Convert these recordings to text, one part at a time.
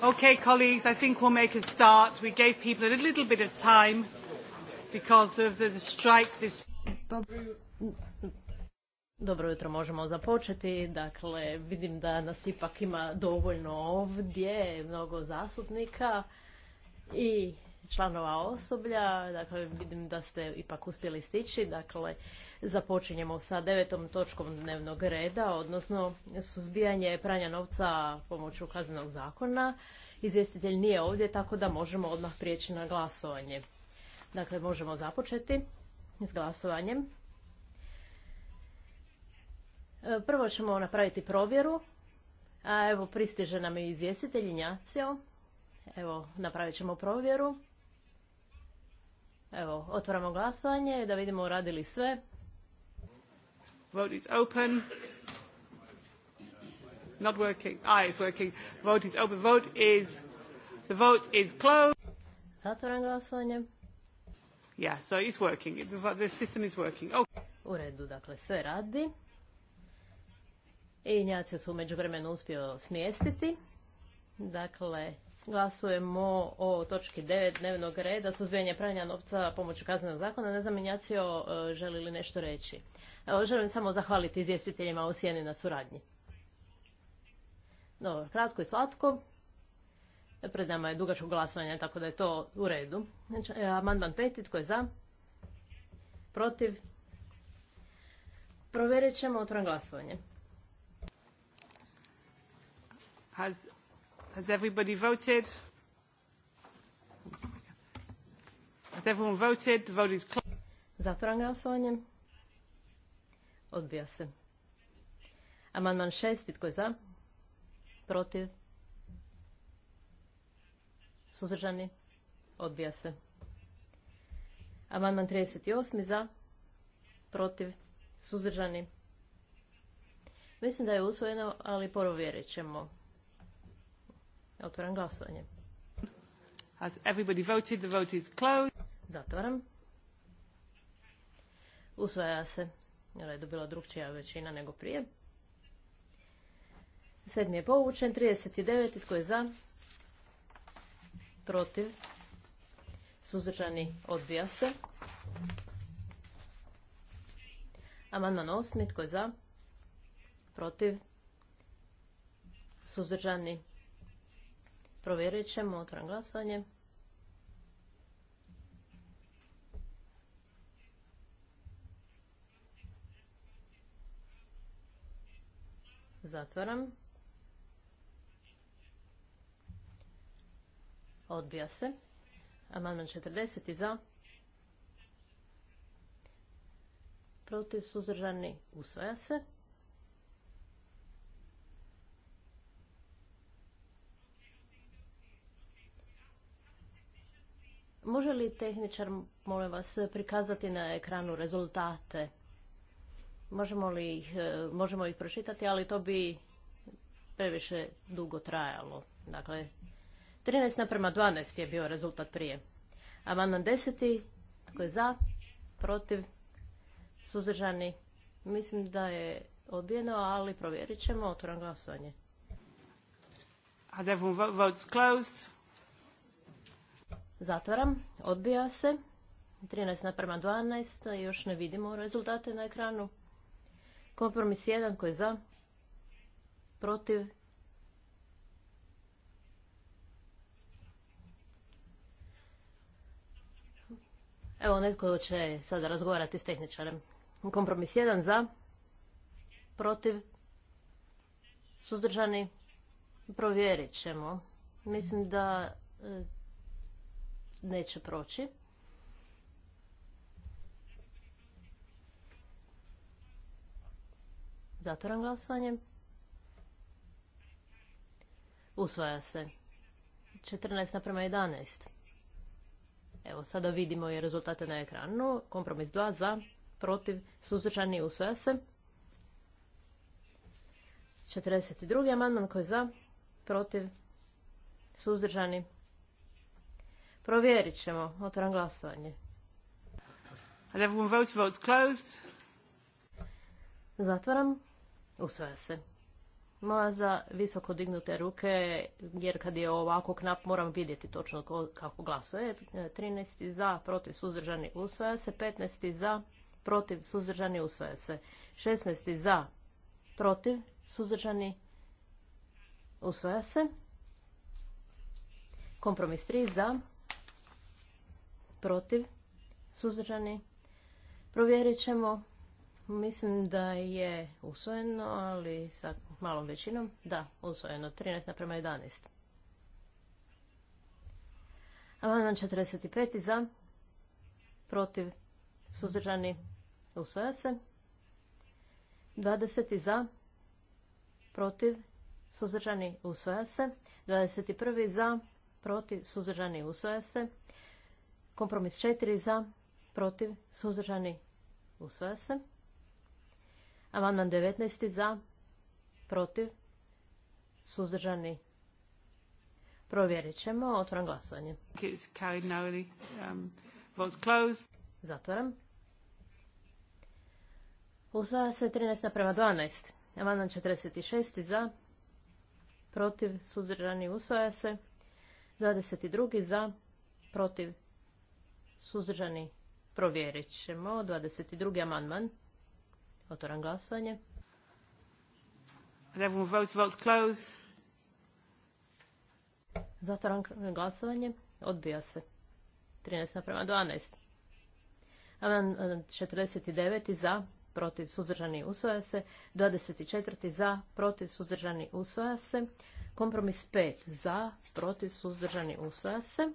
Okay, colleagues, I think we'll make a start. We gave people a little bit of time because of the strike this... Dobro jutro, možemo započeti. Dakle, vidim da nas ipak ima dovoljno ovdje, mnogo zastupnika i članova osoblja. Dakle, vidim da ste ipak uspjeli stići. Dakle, započinjemo sa devetom točkom dnevnog reda, odnosno suzbijanje pranja novca pomoću kaznenog zakona. Izvjestitelj nije ovdje, tako da možemo odmah prijeći na glasovanje. Dakle, možemo započeti s glasovanjem. E, prvo ćemo napraviti provjeru. A evo, pristiže nam i izvjestitelj Injacio. Evo, napravit ćemo provjeru. Evo, otvaramo glasovanje da vidimo radili sve. Vote is open. Not working. Ah, it's working. Vote is open. Vote is... The vote is closed. Zatvoram glasovanje. Yeah, so it's working. The system is working. Okay. U redu, dakle, sve radi. I Njacio su umeđu vremenu uspio smjestiti. Dakle, Glasujemo o točki 9 dnevnog reda, suzbijanje pranja novca pomoću kaznenog zakona. Ne znam, Injacio, e, želi li nešto reći? želim samo zahvaliti izvjestiteljima u Sjeni na suradnji. Dobro, kratko i slatko. Pred nama je dugačko glasovanje, tako da je to u redu. Znači, e, amandman peti, tko je za? Protiv? Provjerit ćemo otvoren glasovanje. Has Has everybody voted? Has everyone voted? The vote is closed. Zatvoram glasovanje. Odbija se. Amandman šest tko je za? Protiv? Suzdržani? Odbija se. Amandman 38. za? Protiv? Suzdržani? Mislim da je usvojeno, ali porovjerit ćemo. Otvaram glasovanje. Has everybody voted? The vote is closed. Zatvaram. Usvaja se. Jel je dobila drugčija većina nego prije. Sedmi je povučen. 39. Tko je za? Protiv. Suzdržani odbija se. Amandman osmi. Tko je za? Protiv. Suzdržani Provjerit ćemo. otvoren glasovanje. Zatvaram. Odbija se. Amandman 40. za. Protiv suzdržani usvaja se. Može li tehničar, molim vas, prikazati na ekranu rezultate? Možemo li ih, e, možemo ih pročitati, ali to bi previše dugo trajalo. Dakle, 13 naprema 12 je bio rezultat prije. Amandman 10. Tko je za? Protiv? Suzdržani? Mislim da je odbijeno, ali provjerit ćemo. Otvoram glasovanje. A votes Zatvaram. Odbija se. 13 naprema 12. Još ne vidimo rezultate na ekranu. Kompromis 1 koji je za. Protiv. Evo netko će sada razgovarati s tehničarem. Kompromis 1 za. Protiv. Suzdržani. Provjerit ćemo. Mislim da e, neće proći. Zatvoram glasovanje. Usvaja se. 14 naprema 11. Evo, sada vidimo i rezultate na ekranu. Kompromis 2 za, protiv, suzdržani, usvaja se. 42. amandman koji je za, protiv, suzdržani, Provjerit ćemo. Otvoram glasovanje. And everyone Zatvaram. Usvaja se. Moja za visoko dignute ruke, jer kad je ovako knap moram vidjeti točno kako glasuje. 13. E, za, protiv, suzdržani, usvaja se. 15. za, protiv, suzdržani, usvaja se. 16. za, protiv, suzdržani, usvaja se. Kompromis 3 za, protiv, suzdržani. Provjerit ćemo. Mislim da je usvojeno, ali sa malom većinom. Da, usvojeno. 13 naprema 11. Amandman 45. za, protiv, suzdržani, usvoja se. 20. za, protiv, suzdržani, usvoja se. 21. za, protiv, suzdržani, usvoja se. Kompromis četiri za, protiv, suzdržani, usvaja se. Amandman 19 za, protiv, suzdržani, provjerit ćemo. Otvoram glasovanje. Um, Zatvoram. Usvaja se 13 naprema 12. Amandman 46 za, protiv, suzdržani, usvaja se. 22 za, protiv, Suzdržani? Provjerit ćemo. 22. amandman. Otvoram glasovanje. Everyone votes, votes close. Zatvoram glasovanje. Odbija se. 13 naprema 12. Amandman 49. za, protiv, suzdržani, usvoja se. 24. za, protiv, suzdržani, usvoja se. Kompromis 5. za, protiv, suzdržani, usvoja se.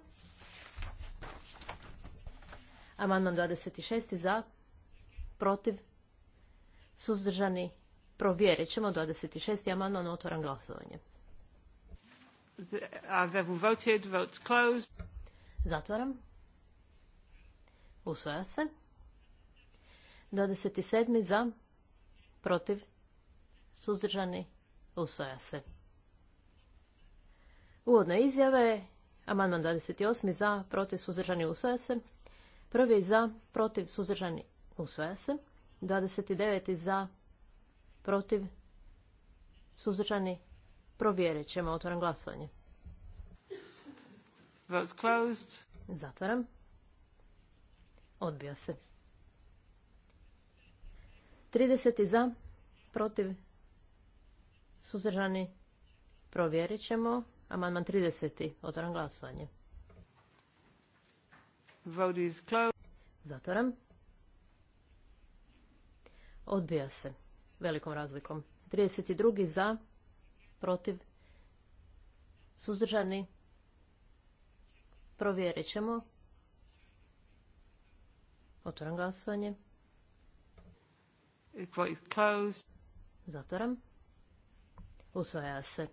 Amandman 26. za, protiv, suzdržani, provjerit ćemo 26. amandman, otvoram glasovanje. Zatvoram. Uh, voted, Zatvaram. Usvoja se. 27. za, protiv, suzdržani, usvoja se. Uvodne izjave, amandman 28. za, protiv, suzdržani, usvoja se. Prvi za, protiv, suzdržani, usvaja se. 29. za, protiv, suzdržani, provjerit ćemo. Otvoram glasovanje. Vote Zatvaram. Odbija se. 30. za, protiv, suzdržani, provjerit ćemo. Amandman 30. Otvoram glasovanje. Vote closed. Odbija se. Velikom razlikom. 32. za, protiv, suzdržani. Provjerit ćemo. Otvoram glasovanje. Zatvaram. Usvaja se.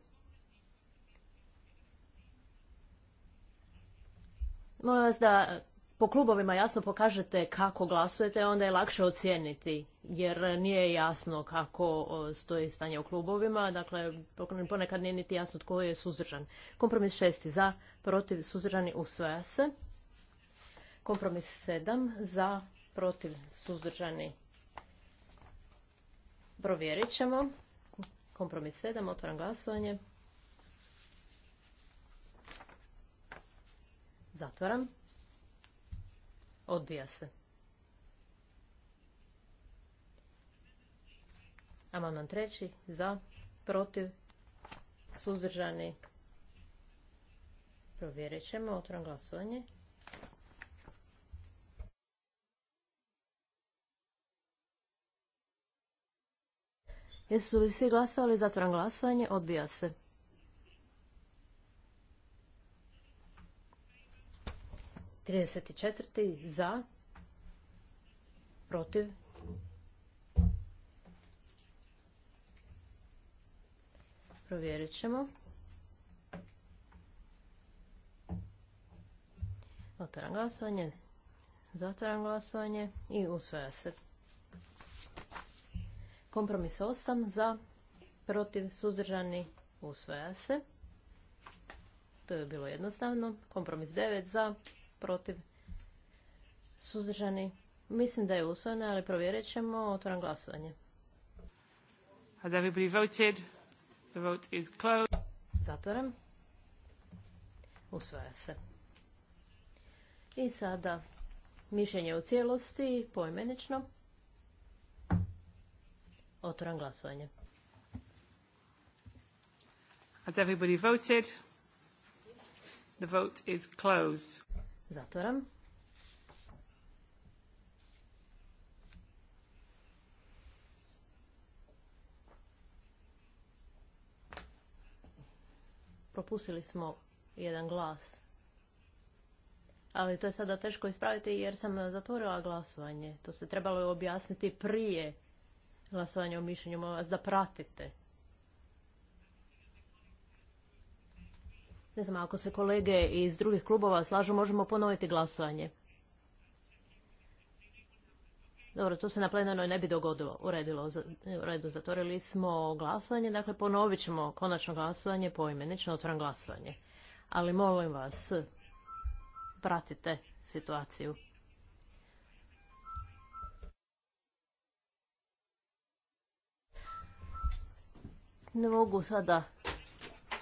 Molim vas da po klubovima jasno pokažete kako glasujete, onda je lakše ocijeniti, jer nije jasno kako stoji stanje u klubovima, dakle ponekad nije niti jasno tko je suzdržan. Kompromis šesti za, protiv, suzdržani, usvaja se. Kompromis sedam za, protiv, suzdržani, provjerit ćemo. Kompromis sedam, otvoram glasovanje. Zatvoram. Odbija se. Amandman treći. Za. Protiv. Suzdržani. Provjerit ćemo. Otvoram glasovanje. Jesu li svi glasovali? Zatvoram glasovanje. Odbija se. 34. za, protiv, provjerit ćemo. Otvaram glasovanje, zatvaram glasovanje i usvaja se. Kompromis 8 za, protiv, suzdržani, usvaja se. To je bilo jednostavno. Kompromis 9 za, protiv, suzdržani. Mislim da je usvojena, ali provjerit ćemo. Otvoram glasovanje. Has everybody voted? The is Zatvoram. Usvaja se. I sada mišljenje u cijelosti, poimenično. Otvoram glasovanje. Has everybody voted? The vote is closed. Zatvoram. Propustili smo jedan glas. Ali to je sada teško ispraviti jer sam zatvorila glasovanje. To se trebalo objasniti prije glasovanja o mišljenju. Molim vas da pratite. Ne znam, ako se kolege iz drugih klubova slažu, možemo ponoviti glasovanje. Dobro, to se na plenarnoj ne bi dogodilo, u redu, zatvorili smo glasovanje, dakle ponovit ćemo konačno glasovanje poimenično, otvoram glasovanje. Ali molim vas, pratite situaciju. Ne mogu sada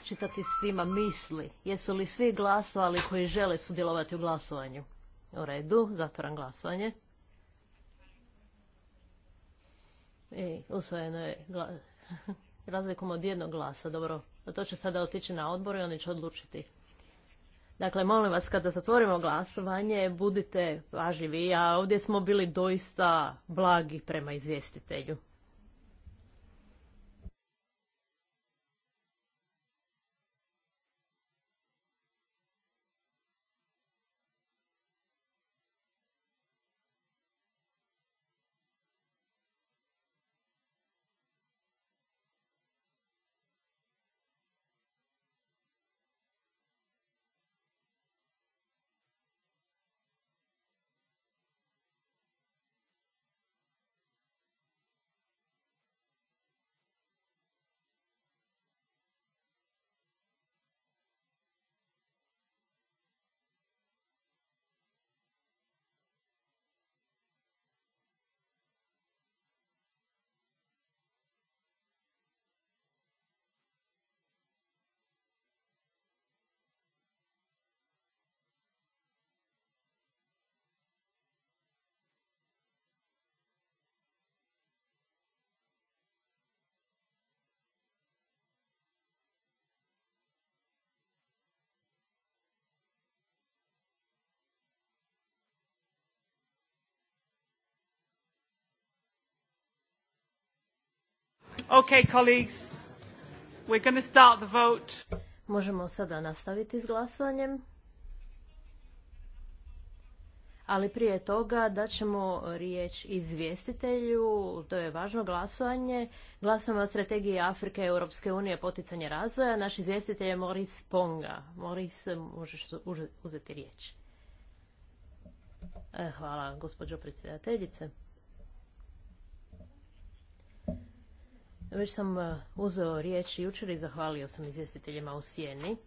čitati svima misli. Jesu li svi glasovali koji žele sudjelovati u glasovanju? U redu, zatvoram glasovanje. I usvojeno je razlikom od jednog glasa. Dobro, to će sada otići na odbor i oni će odlučiti. Dakle, molim vas, kada zatvorimo glasovanje, budite pažljivi, a ovdje smo bili doista blagi prema izvjestitelju. Okay, colleagues. We're going to start the vote. Možemo sada nastaviti s glasovanjem. Ali prije toga da ćemo riječ izvjestitelju, to je važno glasovanje. Glasujemo o strategiji Afrike i Europske unije poticanje razvoja. Naš izvjestitelj je Moris Ponga. Moris, možeš uzeti riječ. E, hvala, gospođo predsjedateljice. Već sam e, uzeo riječ jučer i zahvalio sam izvjestiteljima u Sjeni.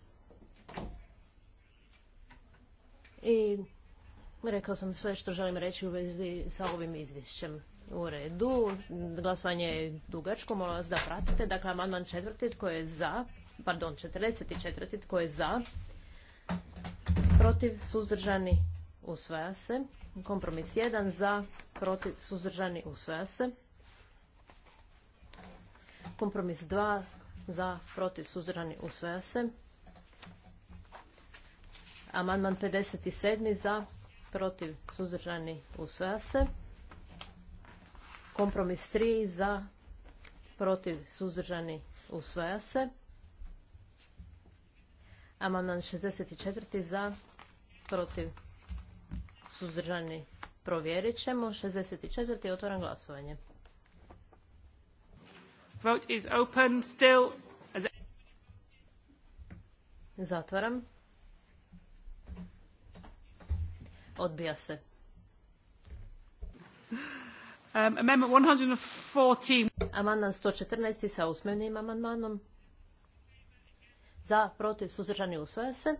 I rekao sam sve što želim reći u vezi sa ovim izvješćem. U redu, glasovanje je dugačko, molim vas da pratite. Dakle, amandman četvrti tko je za, pardon, 44. tko je za, protiv, suzdržani, usvaja se. Kompromis 1 za, protiv, suzdržani, usvaja se. Kompromis 2 za protiv suzdržani usvaja se. Amandman 57 za protiv suzdržani usvaja se. Kompromis 3 za protiv suzdržani usvaja se. Amandman 64 za protiv suzdržani provjerit ćemo. 64. otvoran glasovanje. Vote is open still. Zatvaram. Odbija se. Um, amendment 114. Amandman 114. sa usmenim amandmanom. Za, protiv, suzdržani, usvoja se.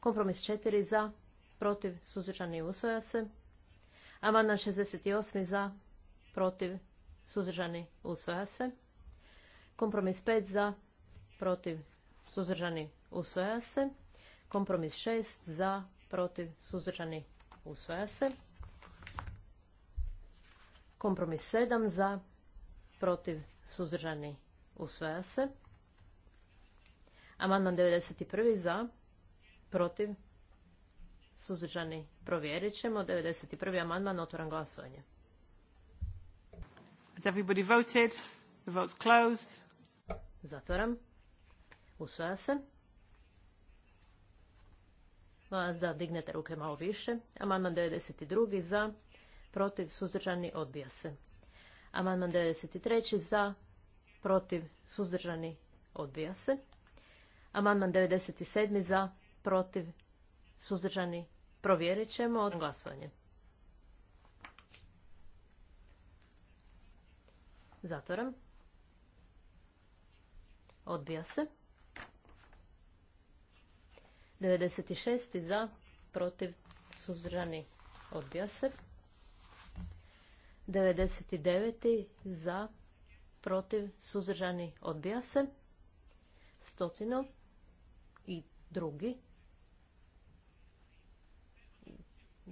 Kompromis 4. Za, protiv, suzdržani, usvoja se. Amandman 68. Za, protiv, suzdržani, usvaja se. Kompromis 5 za, protiv, suzdržani, usvaja se. Kompromis 6 za, protiv, suzdržani, usvaja se. Kompromis 7 za, protiv, suzdržani, usvaja se. Amandman 91. za, protiv, suzdržani, provjerit ćemo. 91. amandman, otvoran glasovanje. Has everybody voted? The vote's closed. Zatvaram. Usvaja se. Vas da dignete ruke malo više. Amandman 92. za, protiv, suzdržani, odbija se. Amandman 93. za, protiv, suzdržani, odbija se. Amandman 97. za, protiv, suzdržani, provjerit ćemo. Glasovanje. Zatvoram. Odbija se. 96. za, protiv, suzdržani, odbija se. 99. za, protiv, suzdržani, odbija se. Stotino i drugi.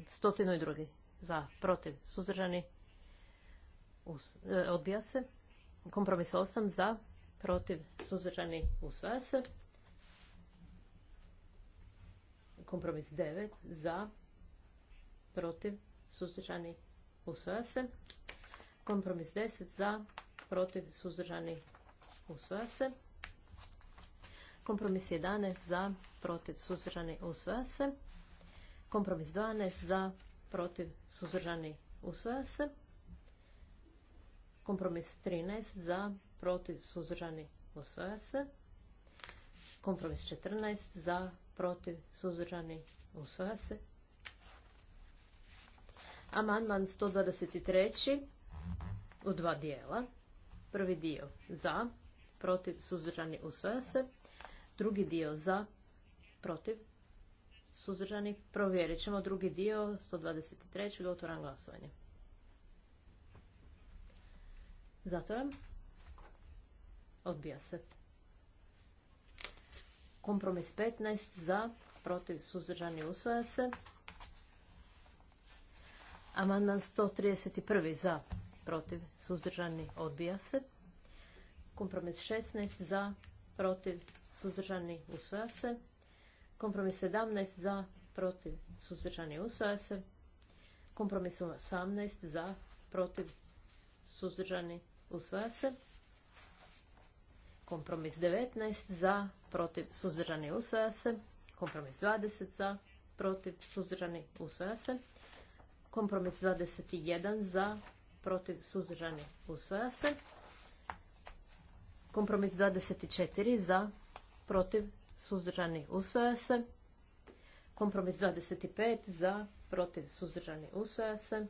Stotino i drugi za, protiv, suzdržani, E, odbija se. Kompromis 8 za, protiv, suzdržani, usvaja se. Kompromis 9 za, protiv, suzdržani, usvaja se. Kompromis 10 za, protiv, suzdržani, usvaja se. Kompromis 11 za, protiv, suzdržani, usvaja se. Kompromis 12 za, protiv, suzdržani, usvaja se. Kompromis 13 za, protiv, suzdržani, usvaja se. Kompromis 14 za, protiv, suzdržani, usvaja se. Amandman 123 u dva dijela. Prvi dio za, protiv, suzdržani, usvaja se. Drugi dio za, protiv, suzdržani. Provjerit ćemo drugi dio 123. otvaram glasovanje. Zatvoram. Odbija se. Kompromis 15 za, protiv suzdržani usvaja se. Amandman 131 za, protiv suzdržani odbija se. Kompromis 16 za, protiv suzdržani usvaja se. Kompromis 17 za, protiv suzdržani usvaja se. Kompromis 18 za, protiv suzdržani usvaja se. Kompromis 19 za, protiv, suzdržani, usvaja se. Kompromis 20 za, protiv, suzdržani, usvaja se. Kompromis 21 za, protiv, suzdržani, usvaja se. Kompromis 24 za, protiv, suzdržani, usvaja se. Kompromis 25 za, protiv, suzdržani, usvaja se.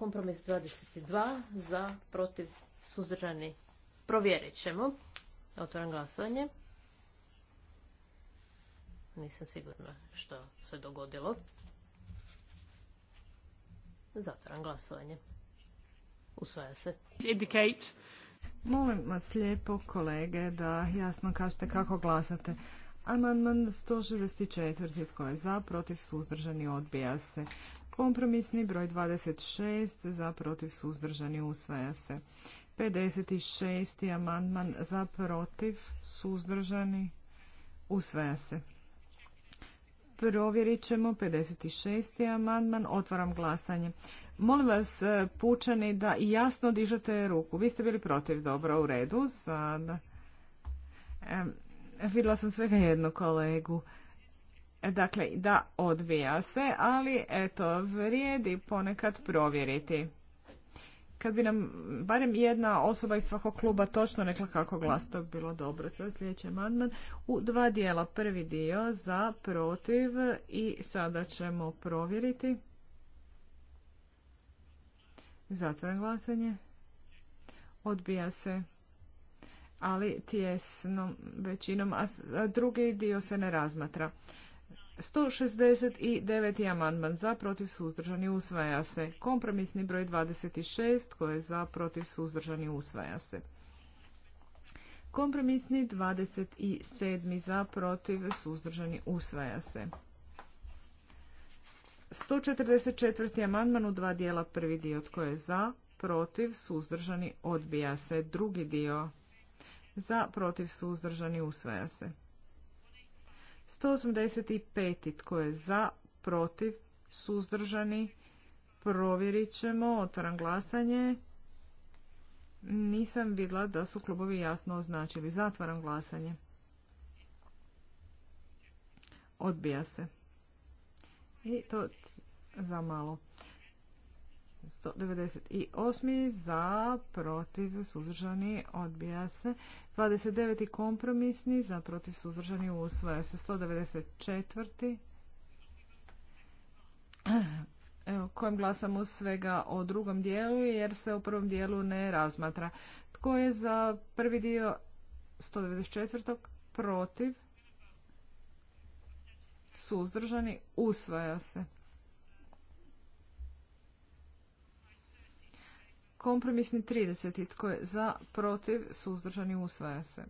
Kompromis 22 za, protiv, suzdržani. Provjerit ćemo. Otvoram glasovanje. Nisam sigurna što se dogodilo. Zatvoram glasovanje. Usvaja se. Indicate. Molim vas lijepo kolege da jasno kažete kako glasate. Amandman 164. Tko je za, protiv, suzdržani, odbija se. Kompromisni broj 26 za protiv suzdržani usvaja se. 56. amandman za protiv suzdržani usvaja se. Provjerit ćemo 56. amandman. Otvaram glasanje. Molim vas, e, pučani, da jasno dižete ruku. Vi ste bili protiv, dobro, u redu. Sada. vidjela sam svega jednu kolegu. Dakle, da odbija se, ali eto, vrijedi ponekad provjeriti. Kad bi nam barem jedna osoba iz svakog kluba točno rekla kako glas, to bi bilo dobro. Sada sljedeći amandman u dva dijela. Prvi dio za protiv i sada ćemo provjeriti. Zatvoren glasanje. Odbija se ali tjesnom većinom, a drugi dio se ne razmatra. 169. amandman za protiv suzdržani usvaja se. Kompromisni broj 26 koji je za protiv suzdržani usvaja se. Kompromisni 27. za protiv suzdržani usvaja se. 144. amandman u dva dijela prvi dio tko je za protiv suzdržani odbija se. Drugi dio za protiv suzdržani usvaja se. 185. Tko je za, protiv, suzdržani? Provjerit ćemo. Otvaram glasanje. Nisam vidjela da su klubovi jasno označili. Zatvaram glasanje. Odbija se. I to za malo. 198. za, protiv, suzdržani, odbija se. 29. kompromisni, za, protiv, suzdržani, usvaja se. 194. Evo, kojem glasamo svega o drugom dijelu, jer se u prvom dijelu ne razmatra. Tko je za prvi dio 194. protiv, suzdržani, usvaja se. Kompromisni 30. Tko je za, protiv, suzdržani, usvaja se.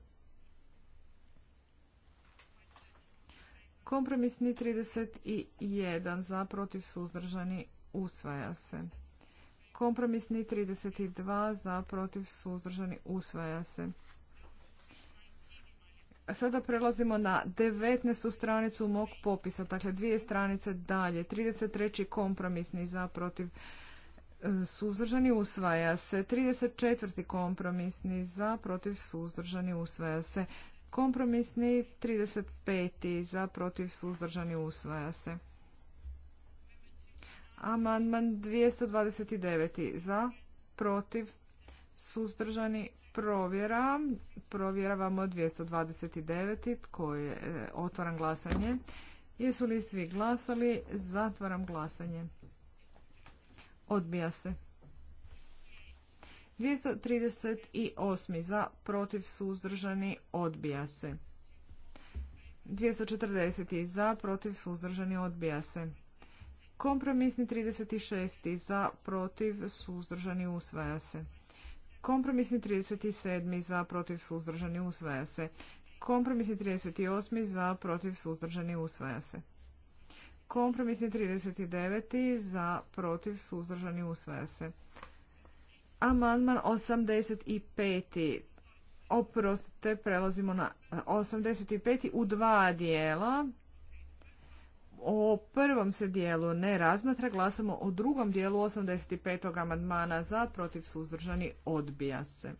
Kompromisni 31. Za, protiv, suzdržani, usvaja se. Kompromisni 32. Za, protiv, suzdržani, usvaja se. Sada prelazimo na 19. stranicu mog popisa, dakle dvije stranice dalje. 33. kompromisni za, protiv, suzdržani usvaja se. 34. kompromisni za, protiv suzdržani usvaja se. Kompromisni 35. za, protiv suzdržani usvaja se. Amandman 229. za, protiv suzdržani provjera. Provjeravamo 229. tko je e, otvaram glasanje. Jesu li svi glasali? Zatvaram glasanje. Odbija se. 238. za, protiv, suzdržani, odbija se. 240. za, protiv, suzdržani, odbija se. Kompromisni 36. za, protiv, suzdržani, usvaja se. Kompromisni 37. za, protiv, suzdržani, usvaja se. Kompromisni 38. za, protiv, suzdržani, usvaja se. Kompromisni 39. za protiv suzdržani usvaja se. Amandman 85. Oprostite, prelazimo na 85. E, u dva dijela. O prvom se dijelu ne razmatra, glasamo o drugom dijelu 85. amandmana za protiv suzdržani odbija se.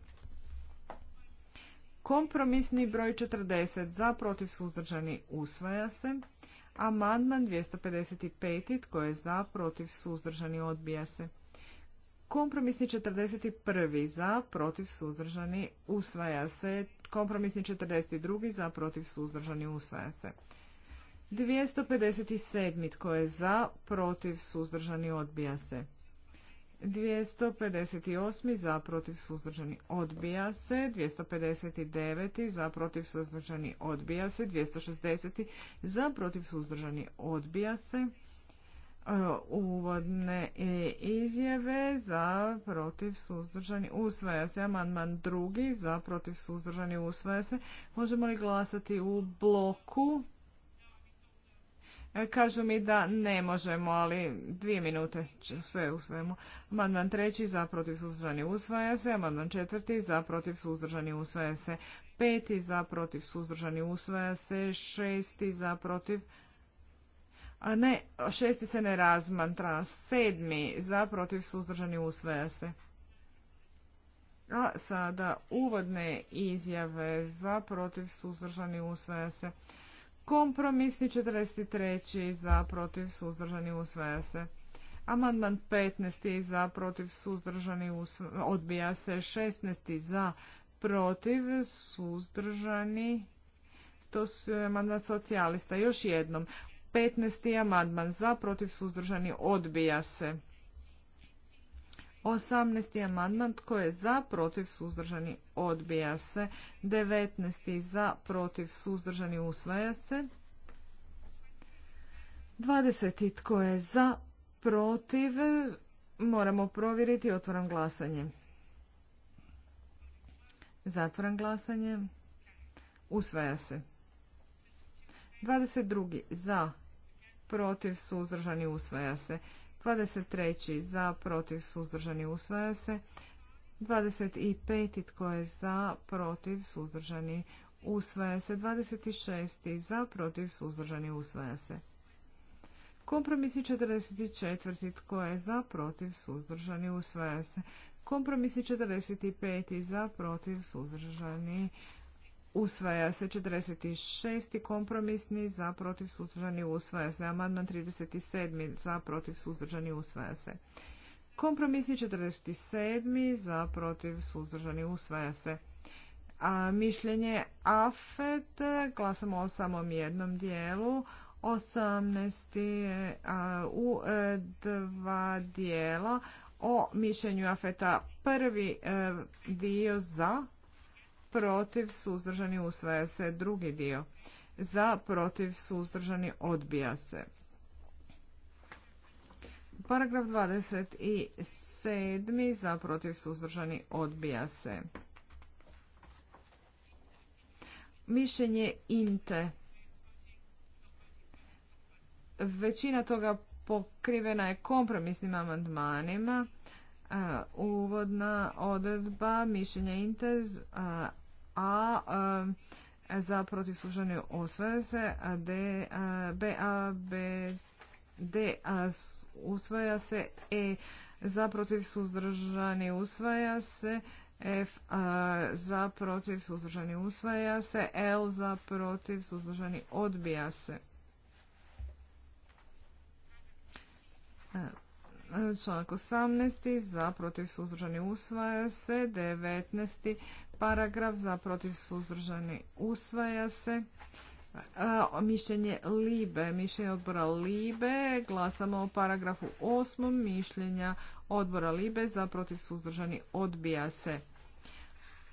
Kompromisni broj 40 za protiv suzdržani usvaja se. Amandman 255. Tko je za, protiv, suzdržani, odbija se. Kompromisni 41. Za, protiv, suzdržani, usvaja se. Kompromisni 42. Za, protiv, suzdržani, usvaja se. 257. Tko je za, protiv, suzdržani, odbija se. 258. za protiv suzdržani odbija se. 259. za protiv suzdržani odbija se. 260. za protiv suzdržani odbija se. E, uvodne e, izjave za protiv suzdržani usvaja se. Amandman drugi za protiv suzdržani usvaja se. Možemo li glasati u bloku? E, kažu mi da ne možemo, ali dvije minute sve u svemu. Amandman treći za protiv suzdržani usvaja se, amandman četvrti za protiv suzdržani usvaja se, peti za protiv suzdržani usvaja se, šesti za protiv a ne, šesti se ne razmatra, sedmi za protiv suzdržani usvaja se. A sada uvodne izjave za protiv suzdržani usvaja se. Kompromisni 43. za protiv suzdržani usvaja se. Amandman 15. za protiv suzdržani odbija se. 16. za protiv suzdržani to su amandman socijalista. Još jednom. 15. amandman za protiv suzdržani odbija se. 18. amandman tko je za, protiv, suzdržani, odbija se. 19. za, protiv, suzdržani, usvaja se. 20. tko je za, protiv, moramo provjeriti, otvoram glasanje. Zatvoram glasanje. Usvaja se. 22. za, protiv, suzdržani, usvaja se. 23. za, protiv, suzdržani, usvaja se. 25. tko je za, protiv, suzdržani, usvaja se. 26. za, protiv, suzdržani, usvaja se. Kompromisi 44. tko je za, protiv, suzdržani, usvaja se. Kompromisi 45. za, protiv, suzdržani, se. Usvaja se 46. kompromisni za protiv suzdržani usvaja se. Amandman 37. za protiv suzdržani usvaja se. Kompromisni 47. za protiv suzdržani usvaja se. A mišljenje AFET glasamo o samom jednom dijelu. 18. E, u e, dva dijela o mišljenju AFETA prvi e, dio za protiv suzdržani usvaja se drugi dio za protiv suzdržani odbija se paragraf 27 za protiv suzdržani odbija se mišljenje inte većina toga pokrivena je kompromisnim amandmanima uvodna odredba mišljenja INTE a e, za protiv protivslužene usvaja se, a D, B, a, B, D, usvaja se, E, za protiv suzdržani usvaja se, F za protiv suzdržani usvaja se, L za protiv suzdržani odbija se. E, članak 18. za protiv suzdržani usvaja se, 19 paragraf za protiv suzdržani usvaja se. mišljenje Libe, mišljenje odbora Libe, glasamo o paragrafu 8. Mišljenja odbora Libe za protiv suzdržani odbija se.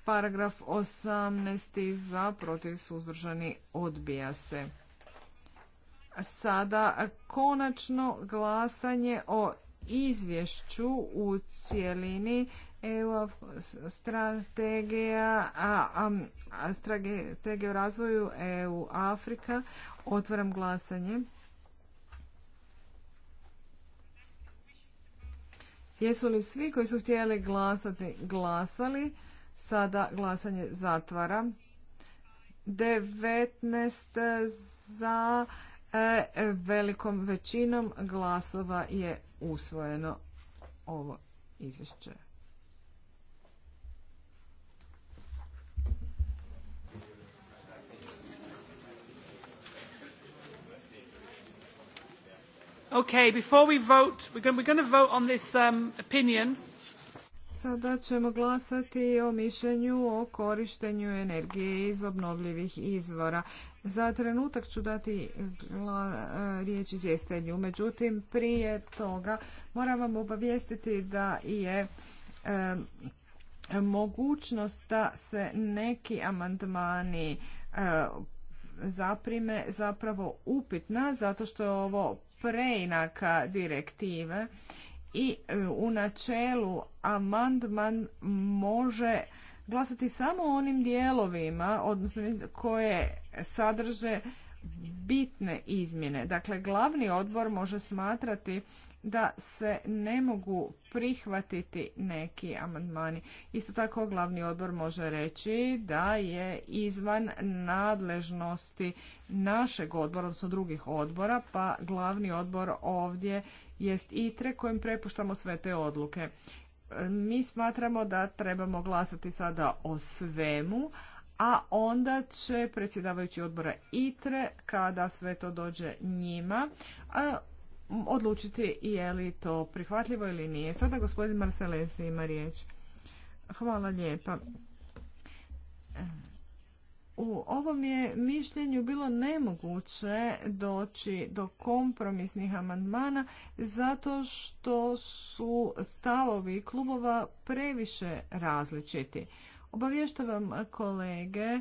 Paragraf 18. za protiv suzdržani odbija se. Sada konačno glasanje o izvješću u cijelini EU strategija, a, strategija o razvoju EU Afrika. Otvaram glasanje. Jesu li svi koji su htjeli glasati glasali? Sada glasanje zatvara. 19 za e, velikom većinom glasova je usvojeno ovo izvješće. Okay, before Sada ćemo glasati o mišljenju o korištenju energije iz obnovljivih izvora. Za trenutak ću dati e, riječ izvjestenju, međutim prije toga moram vam obavijestiti da je e, mogućnost da se neki amandmani e, zaprime zapravo upitna zato što je ovo preinaka direktive i e, u načelu amandman može glasati samo o onim dijelovima, odnosno koje sadrže bitne izmjene. Dakle, glavni odbor može smatrati da se ne mogu prihvatiti neki amandmani. Isto tako glavni odbor može reći da je izvan nadležnosti našeg odbora, odnosno drugih odbora, pa glavni odbor ovdje jest ITRE kojim prepuštamo sve te odluke. Mi smatramo da trebamo glasati sada o svemu, a onda će predsjedavajući odbora ITRE, kada sve to dođe njima, odlučiti je li to prihvatljivo ili nije. Sada gospodin Marcelesi ima riječ. Hvala lijepa. U ovom je mišljenju bilo nemoguće doći do kompromisnih amandmana zato što su stavovi klubova previše različiti. Obavještavam kolege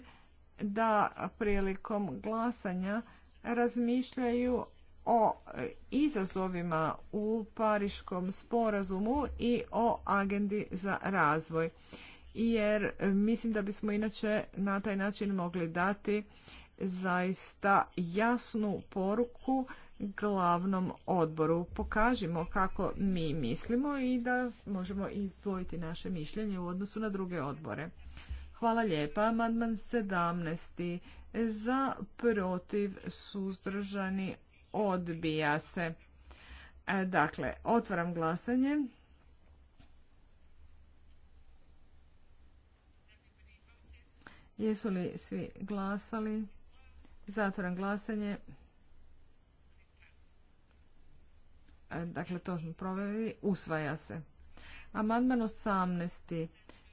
da prilikom glasanja razmišljaju o e, izazovima u Pariškom sporazumu i o agendi za razvoj. Jer e, mislim da bismo inače na taj način mogli dati zaista jasnu poruku glavnom odboru. Pokažimo kako mi mislimo i da možemo izdvojiti naše mišljenje u odnosu na druge odbore. Hvala lijepa. Amandman 17. Za, protiv, suzdržani, odbija se. E, dakle, otvaram glasanje. Jesu li svi glasali? Zatvoram glasanje. E, dakle, to smo proveli. Usvaja se. Amandman 18.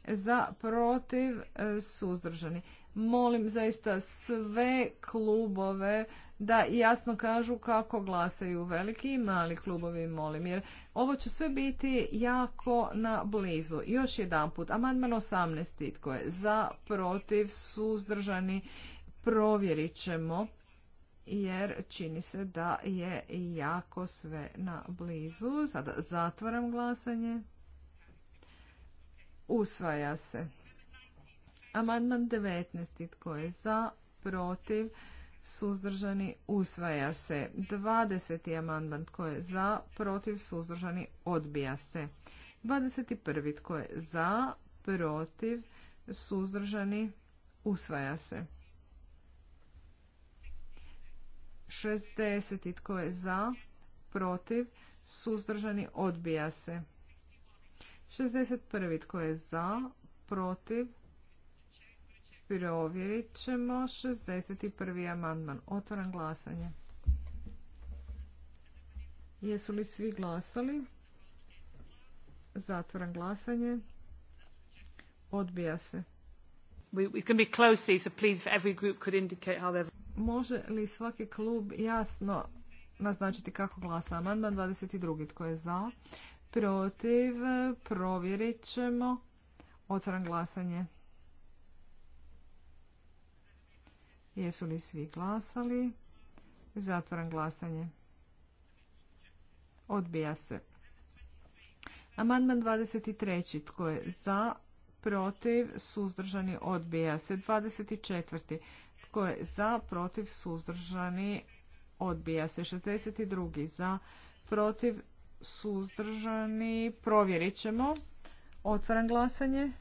Za, protiv, e, suzdržani. Molim zaista sve klubove da jasno kažu kako glasaju veliki i mali klubovi, molim, jer ovo će sve biti jako na blizu. Još jedanput, amandman 18. Tko je za, protiv, suzdržani, provjerit ćemo jer čini se da je jako sve na blizu. Sada zatvaram glasanje. Usvaja se. Amandman 19. Tko je za, protiv, suzdržani, usvaja se. 20. amandman tko je za, protiv, suzdržani, odbija se. 21. tko je za, protiv, suzdržani, usvaja se. 60. tko je za, protiv, suzdržani, odbija se. 61. tko je za, protiv, Provjerit ćemo 61. amandman. otvoram glasanje. Jesu li svi glasali? Zatvaram glasanje. Odbija se. Može li svaki klub jasno naznačiti kako glasa amandman 22. Tko je za? Protiv? Provjerit ćemo. Otvoran glasanje. Jesu li svi glasali? Zatvoran glasanje. Odbija se. Amandman 23. Tko je za, protiv, suzdržani, odbija se. 24. Tko je za, protiv, suzdržani, odbija se. 62. Za, protiv, suzdržani, provjerit ćemo. Otvaram glasanje.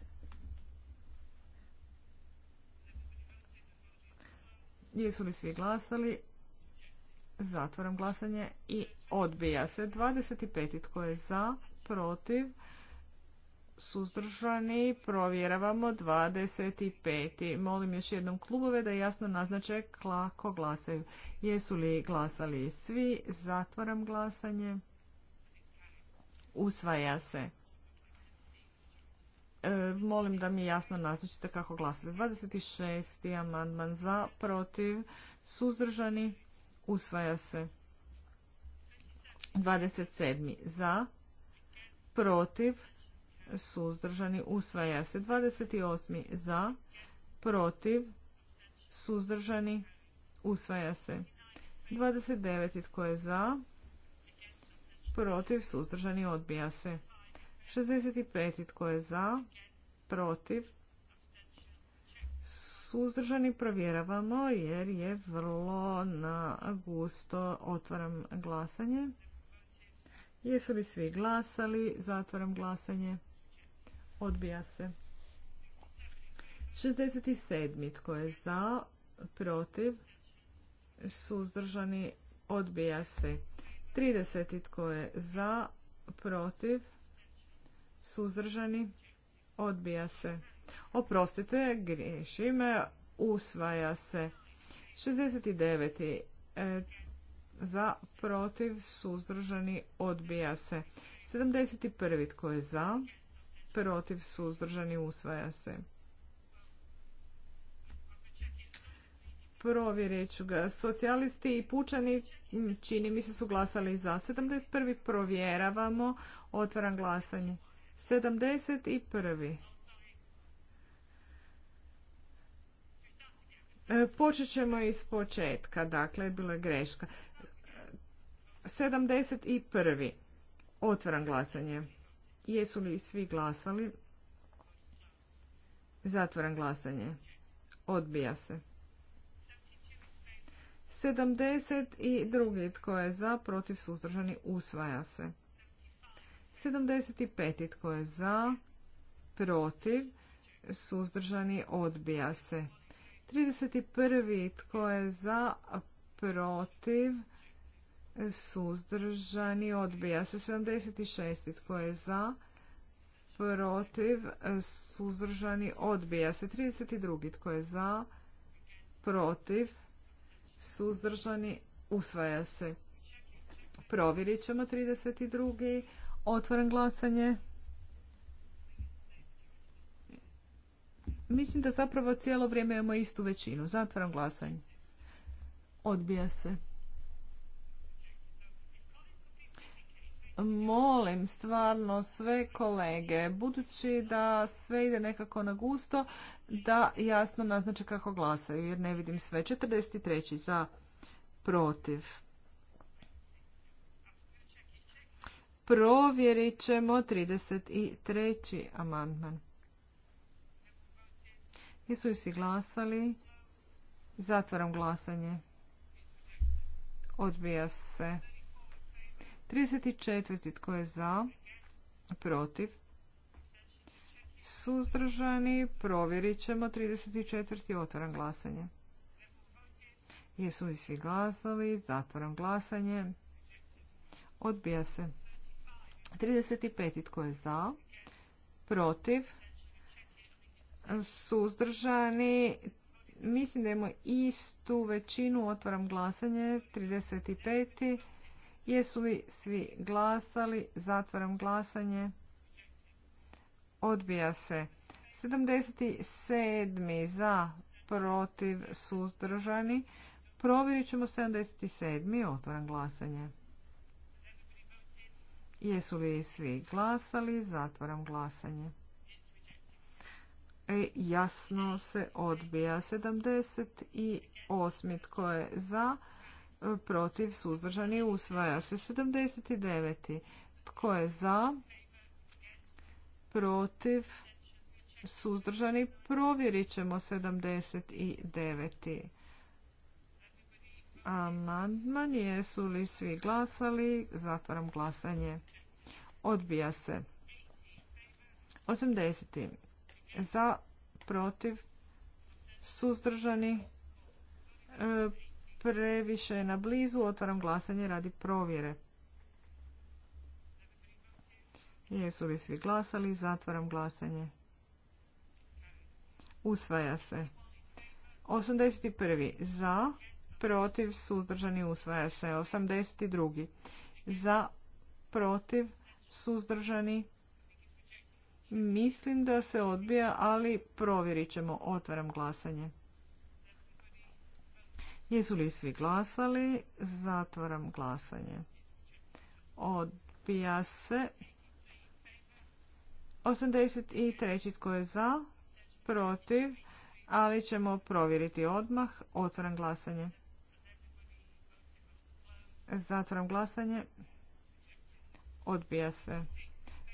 Jesu li svi glasali? Zatvaram glasanje i odbija se. 25. Tko je za? Protiv? Suzdržani? Provjeravamo 25. Molim još jednom klubove da jasno naznače kako glasaju. Jesu li glasali svi? Zatvaram glasanje. Usvaja se. E, molim da mi jasno naznačite kako glasate. 26. amandman za, protiv, suzdržani, usvaja se. 27. za, protiv, suzdržani, usvaja se. 28. za, protiv, suzdržani, usvaja se. 29. tko je za, protiv, suzdržani, odbija se. 65. Tko je za? Protiv? Suzdržani provjeravamo jer je vrlo na gusto. Otvaram glasanje. Jesu li svi glasali? Zatvaram glasanje. Odbija se. 67. Tko je za? Protiv? Suzdržani? Odbija se. 30. Tko je za? Protiv? suzdržani, odbija se. Oprostite, griješim, usvaja se. 69. E, za, protiv, suzdržani, odbija se. 71. tko je za, protiv, suzdržani, usvaja se. Provjerit ću ga. Socijalisti i pučani čini mi se su glasali za. 71. provjeravamo. Otvaram glasanje. 71. E, počet ćemo iz početka, dakle, bila je greška. 71. Otvaram glasanje. Jesu li svi glasali? Zatvaram glasanje. Odbija se. 72. Tko je za, protiv, suzdržani, usvaja se. 75. Tko je za? Protiv? Suzdržani? Odbija se. 31. Tko je za? Protiv? Suzdržani? Odbija se. 76. Tko je za? Protiv? Suzdržani? Odbija se. 32. Tko je za? Protiv? Suzdržani? Usvaja se. Provjerit ćemo 32. Otvoren glasanje. Mislim da zapravo cijelo vrijeme imamo istu većinu. Zatvaram glasanje. Odbija se. Molim stvarno sve kolege, budući da sve ide nekako na gusto, da jasno naznače kako glasaju, jer ne vidim sve. 43. za, protiv, Provjerit ćemo 33. amandman. Jesu li svi glasali? Zatvaram glasanje. Odbija se. 34. Tko je za? Protiv? Suzdržani? Provjerit ćemo. 34. Otvaram glasanje. Jesu li svi glasali? Zatvaram glasanje. Odbija se. 35. Tko je za? Protiv? Suzdržani? Mislim da imamo istu većinu. Otvaram glasanje. 35. Jesu li svi glasali? Zatvaram glasanje. Odbija se. 77. za, protiv, suzdržani. Provjerit ćemo 77. Otvaram glasanje. Jesu li svi glasali? Zatvaram glasanje. E, jasno se odbija 78. Tko je za? Protiv suzdržani usvaja se 79. Tko je za? Protiv suzdržani provjerit ćemo 79 amandman. Jesu li svi glasali? Zatvaram glasanje. Odbija se. 80. Za, protiv, suzdržani. E, previše na blizu. Otvaram glasanje radi provjere. Jesu li svi glasali? Zatvaram glasanje. Usvaja se. 81. Za, protiv, suzdržani, usvaja se. 82. Za, protiv, suzdržani, mislim da se odbija, ali provjerit ćemo. Otvaram glasanje. Jesu li svi glasali? Zatvaram glasanje. Odbija se. 83. tko je za? Protiv? Ali ćemo provjeriti odmah. Otvaram glasanje. Zatvaram glasanje. Odbija se.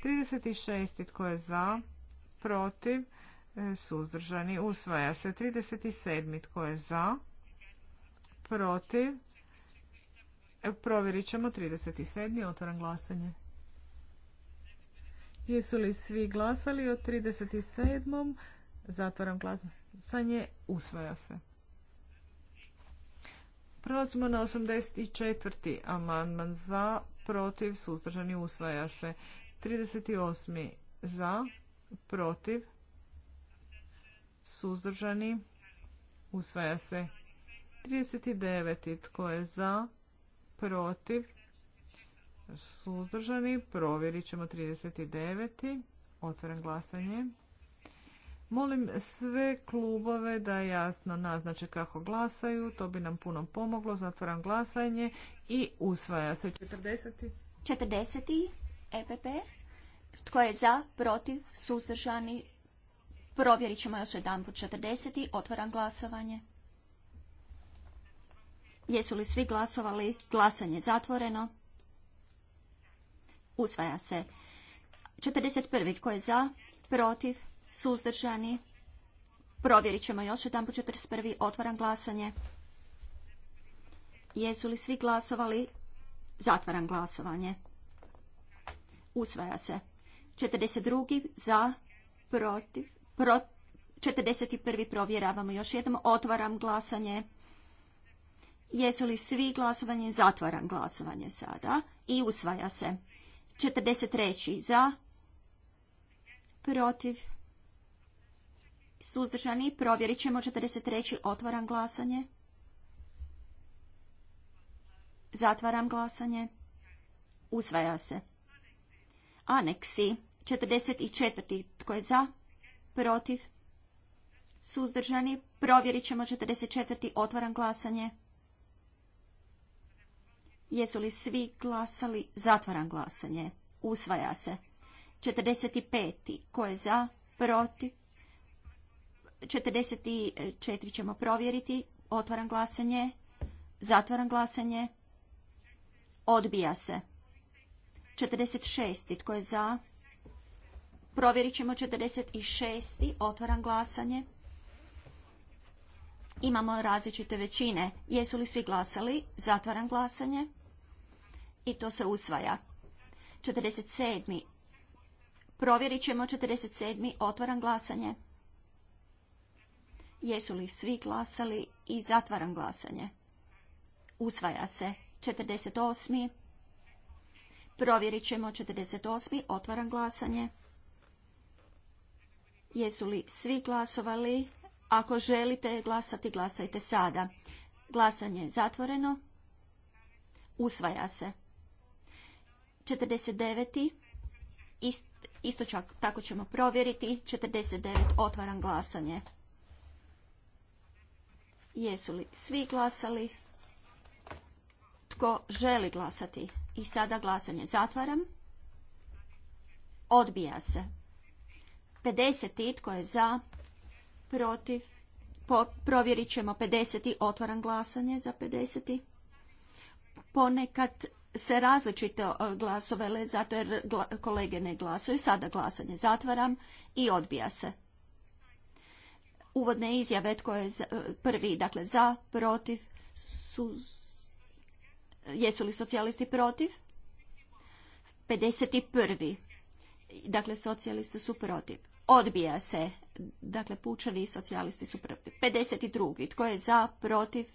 36. Tko je za? Protiv? E, suzdržani. Usvaja se. 37. Tko je za? Protiv? E, provjerit ćemo 37. Otvaram glasanje. Jesu li svi glasali o 37. Zatvaram glasanje. Usvaja se. Prelazimo na 84. amandman za, protiv, suzdržani, usvaja se. 38. za, protiv, suzdržani, usvaja se. 39. tko je za, protiv, suzdržani, provjerit ćemo 39. otvoren glasanje. Molim sve klubove da jasno naznače kako glasaju, to bi nam puno pomoglo, zatvoram glasanje i usvaja se 40. 40. EPP. Tko je za, protiv, suzdržani? Provjerit ćemo još jedan put 40. Otvaram glasovanje. Jesu li svi glasovali? Glasanje zatvoreno. Usvaja se. 41. Tko je za, protiv, suzdržani, provjerit ćemo još jedan po 41. otvaram glasanje. Jesu li svi glasovali? Zatvaram glasovanje. Usvaja se. 42. za, protiv, protiv, 41. provjeravamo još jednom. Otvaram glasanje. Jesu li svi glasovanje? Zatvaram glasovanje sada. I usvaja se. 43. za, protiv, suzdržani, provjerit ćemo 43. otvaram glasanje. Zatvaram glasanje. Usvaja se. Aneksi 44. Tko je za? Protiv? Suzdržani? Provjerit ćemo 44. Otvaram glasanje. Jesu li svi glasali? Zatvaram glasanje. Usvaja se. 45. Tko je za? Protiv? 44 ćemo provjeriti. Otvaram glasanje. Zatvaram glasanje. Odbija se. 46. Tko je za? Provjerit ćemo 46. Otvaram glasanje. Imamo različite većine. Jesu li svi glasali? Zatvaram glasanje. I to se usvaja. 47. Provjerit ćemo 47. Otvaram glasanje. Jesu li svi glasali i zatvaram glasanje? Usvaja se. 48. Provjerit ćemo 48. Otvaram glasanje. Jesu li svi glasovali? Ako želite glasati, glasajte sada. Glasanje je zatvoreno. Usvaja se. 49. isto čak, tako ćemo provjeriti. 49. Otvaram glasanje. Jesu li svi glasali? Tko želi glasati? I sada glasanje zatvaram. Odbija se. 50. Tko je za? Protiv? provjerit ćemo 50. Otvaram glasanje za 50. Ponekad se različite e, glasovele zato jer kolege ne glasuju. Sada glasanje zatvaram i odbija se uvodne izjave tko je e, prvi, dakle za, protiv, su, jesu li socijalisti protiv? 51. Dakle, socijalisti su protiv. Odbija se. Dakle, pučani socijalisti su protiv. 52. Tko je za, protiv,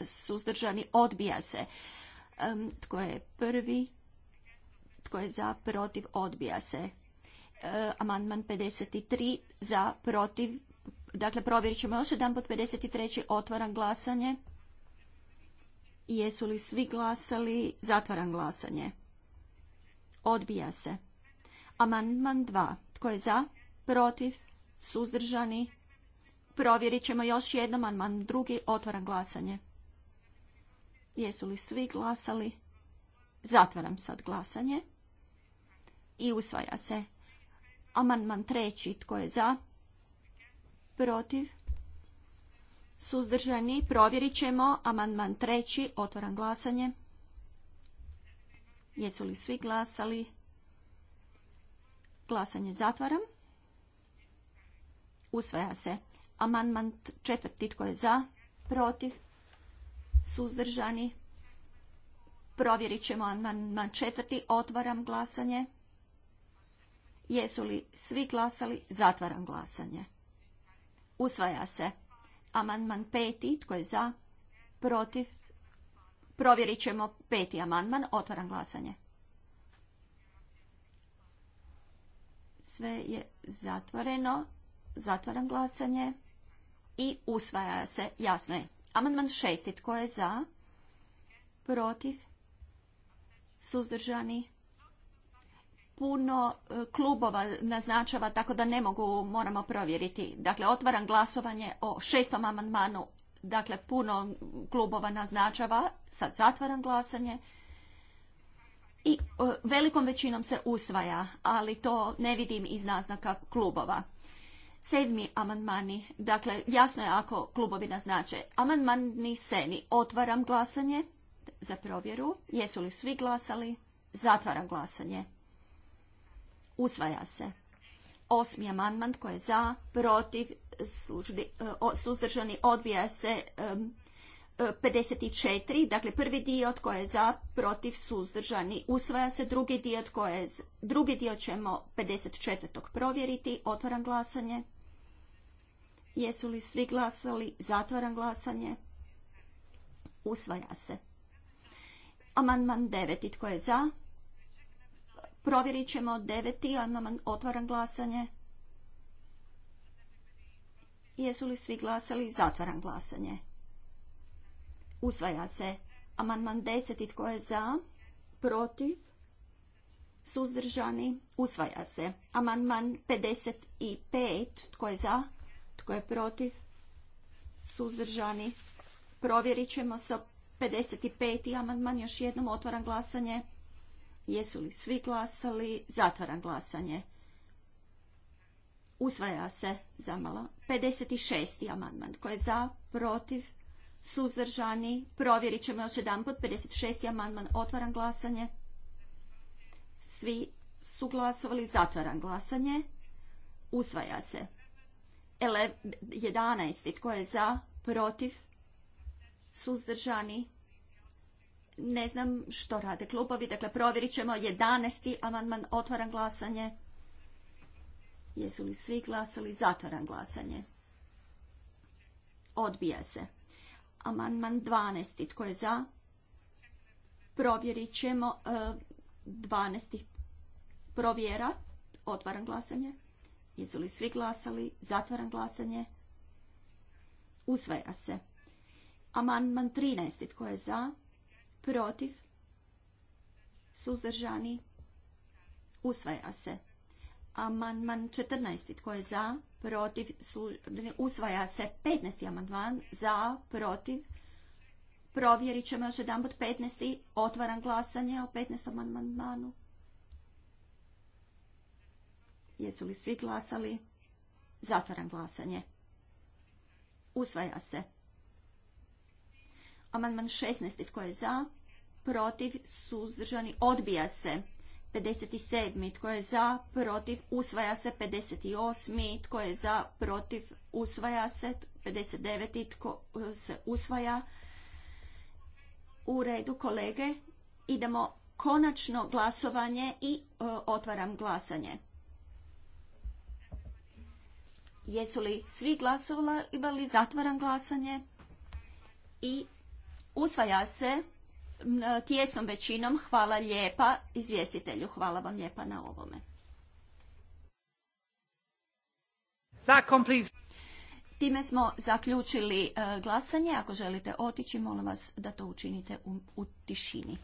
suzdržani, odbija se. tko je prvi, tko je za, protiv, odbija se. E, amandman 53. Za, protiv, Dakle, provjerit ćemo još jedan pod 53. Otvaram glasanje. Jesu li svi glasali? Zatvaram glasanje. Odbija se. Amandman 2. Tko je za? Protiv? Suzdržani? Provjerit ćemo još jednom amandman drugi. Otvaram glasanje. Jesu li svi glasali? Zatvaram sad glasanje. I usvaja se. Amandman treći. Tko je za? protiv, suzdržani, provjerit ćemo amandman treći, otvaram glasanje. Jesu li svi glasali? Glasanje zatvaram. Usvaja se. Amandman četvrti tko je za, protiv, suzdržani. Provjerit ćemo amandman četvrti. Otvaram glasanje. Jesu li svi glasali? Zatvaram glasanje. Usvaja se. Amandman peti. Tko je za? Protiv? Provjerit ćemo peti amandman. Otvaram glasanje. Sve je zatvoreno. Zatvaram glasanje. I usvaja se. Jasno je. Amandman šesti. Tko je za? Protiv? Suzdržani? puno e, klubova naznačava, tako da ne mogu, moramo provjeriti. Dakle, otvaram glasovanje o šestom amandmanu, dakle, puno klubova naznačava, sad zatvaram glasanje i e, velikom većinom se usvaja, ali to ne vidim iz naznaka klubova. Sedmi amandmani, dakle, jasno je ako klubovi naznače. Amandmani seni, otvaram glasanje za provjeru, jesu li svi glasali, zatvaram glasanje. Usvaja se. Osmi amandman tko je za, protiv, e, suzdržani, odbija se 54, e, dakle prvi dio tko je za, protiv, suzdržani, usvaja se drugi dio tko je za, drugi dio ćemo 54. provjeriti, otvaram glasanje. Jesu li svi glasali? Zatvaram glasanje. Usvaja se. Amandman 9. Tko je za? Provjerit ćemo deveti, imam otvaram glasanje. Jesu li svi glasali? Zatvaram glasanje. Usvaja se. Amandman deseti Tko je za? Protiv? Suzdržani? Usvaja se. Amandman 55. Tko je za? Tko je protiv? Suzdržani? Provjerit ćemo sa 55. amandman. Još jednom otvaram glasanje. Jesu li svi glasali? Zatvaram glasanje. Usvaja se malo. 56. amandman. Tko je za? Protiv? Suzdržani? Provjerit ćemo još jedan pot. 56. amandman. Otvaram glasanje. Svi su glasovali. Zatvaram glasanje. Usvaja se. 11. Tko je za? Protiv? Suzdržani? ne znam što rade klubovi. Dakle, provjerit ćemo 11. amandman, otvaram glasanje. Jesu li svi glasali? Zatvaram glasanje. Odbija se. Amandman 12. Tko je za? Provjerit ćemo 12. E, provjera. Otvaram glasanje. Jesu li svi glasali? Zatvaram glasanje. Usvaja se. Amandman 13. Tko je za? protiv, suzdržani, usvaja se. Amandman 14. Tko je za, protiv, usvaja se 15. amandman, za, protiv, provjerit ćemo još jedan put 15. Otvaram glasanje o 15. amandmanu. Jesu li svi glasali? Zatvaram glasanje. Usvaja se. Amandman 16. Tko je za? protiv, suzdržani, odbija se. 57. Tko je za, protiv, usvaja se. 58. Tko je za, protiv, usvaja se. 59. Tko se usvaja. U redu, kolege, idemo konačno glasovanje i e, otvaram glasanje. Jesu li svi glasovali, zatvaram glasanje i usvaja se E, tijesnom većinom. Hvala lijepa izvjestitelju. Hvala vam lijepa na ovome. Time smo zaključili e, glasanje. Ako želite otići, molim vas da to učinite u tišini.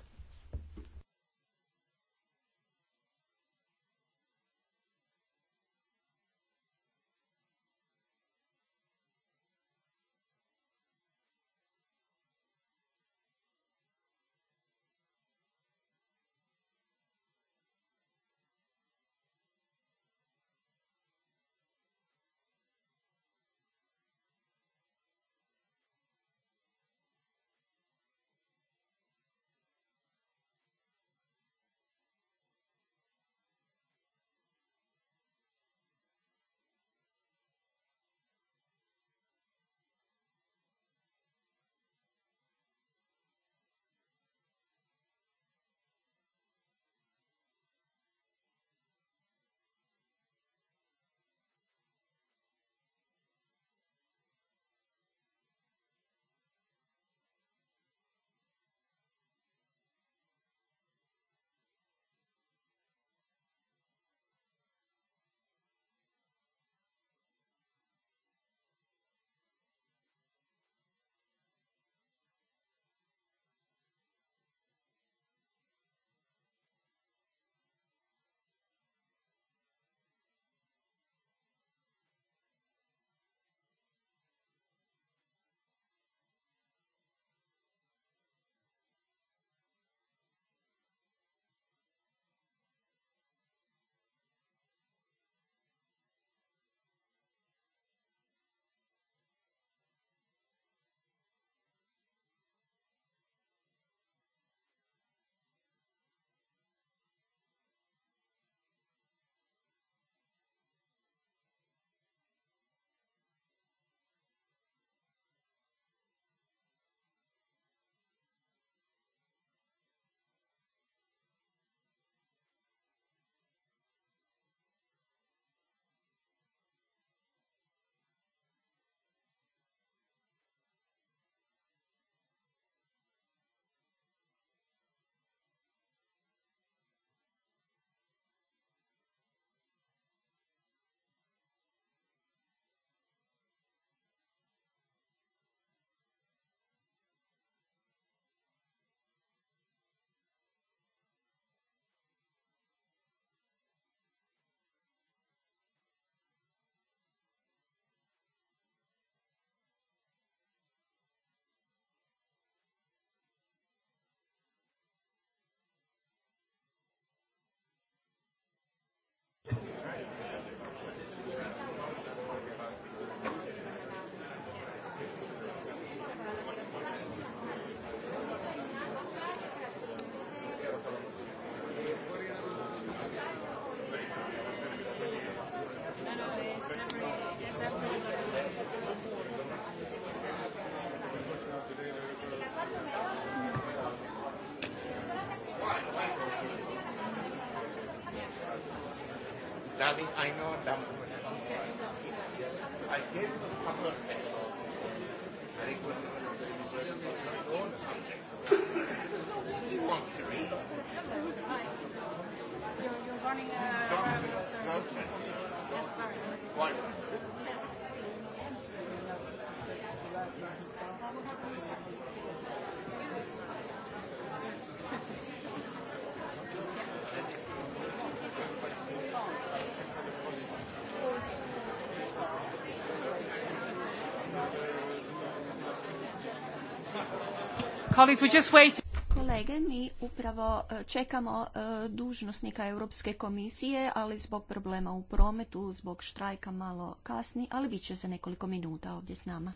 Kolege, mi upravo e, čekamo e, dužnosnika Europske komisije, ali zbog problema u prometu, zbog štrajka malo kasni, ali bit će za nekoliko minuta ovdje s nama.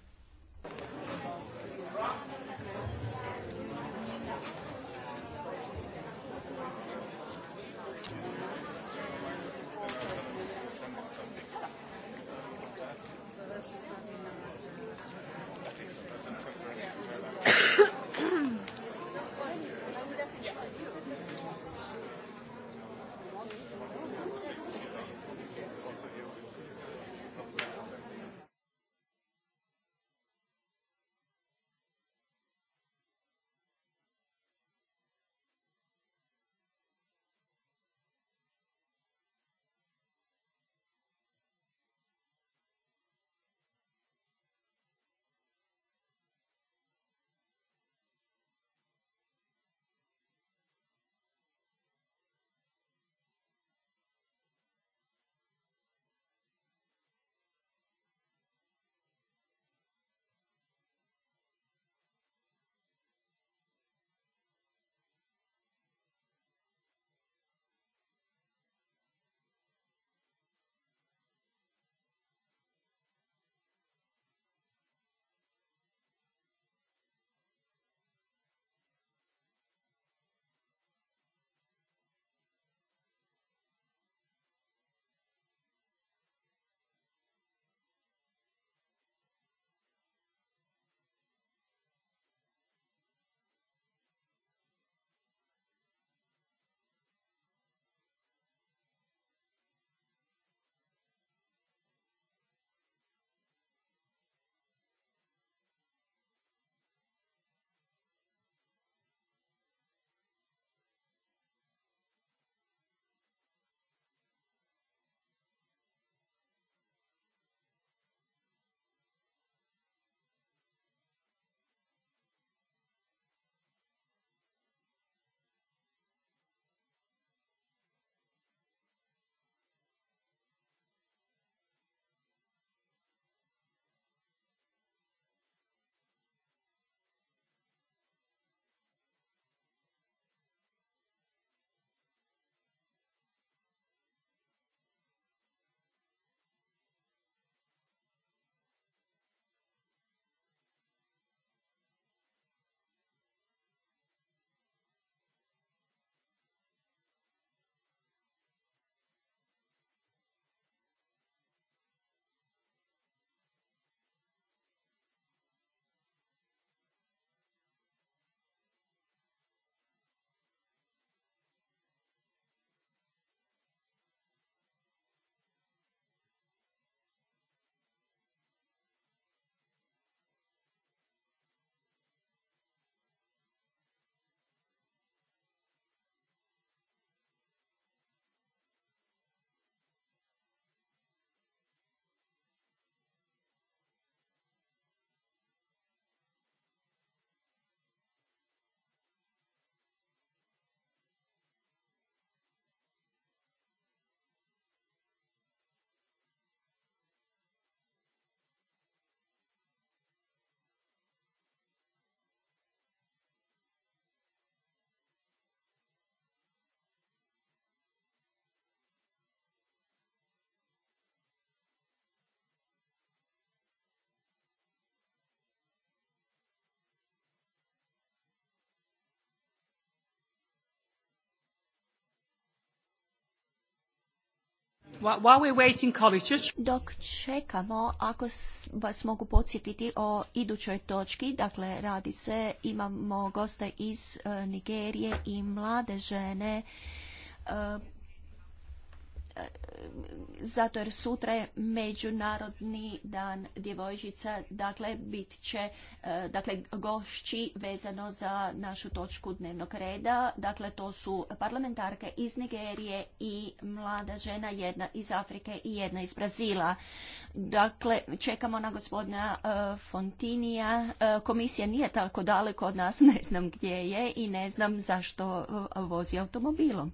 While Dok čekamo, ako vas mogu podsjetiti o idućoj točki, dakle radi se, imamo goste iz eh, Nigerije i mlade žene eh, zato jer sutra je Međunarodni dan djevojžica, dakle bit će e, dakle, gošći vezano za našu točku dnevnog reda. Dakle, to su parlamentarke iz Nigerije i mlada žena, jedna iz Afrike i jedna iz Brazila. Dakle, čekamo na gospodina e, Fontinija. E, komisija nije tako daleko od nas, ne znam gdje je i ne znam zašto vozi automobilom.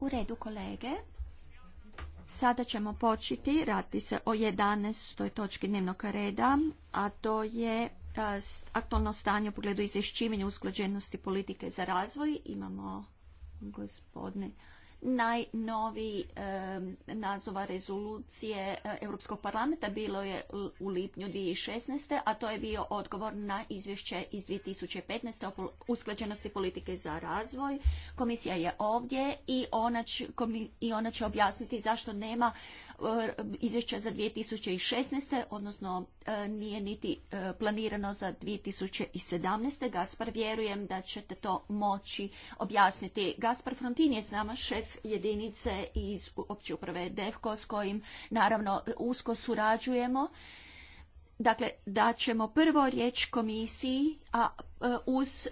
U redu kolege. Sada ćemo početi, radi se o 11. točki dnevnog reda, a to je aktualno stanje u pogledu izvješćivanja usklađenosti politike za razvoj. Imamo gospodine Najnoviji nazova rezolucije e, Europskog parlamenta bilo je u lipnju 2016. a to je bio odgovor na izvješće iz 2015. o usklađenosti politike za razvoj. Komisija je ovdje i i ona će objasniti zašto nema Eh, izvješća za 2016. odnosno eh, nije niti eh, planirano za 2017. Gaspar, vjerujem da ćete to moći objasniti. Gaspar Frontin je s nama šef jedinice iz opće uprave DEFCO s kojim naravno usko surađujemo. Dakle, da ćemo prvo riječ komisiji, a uz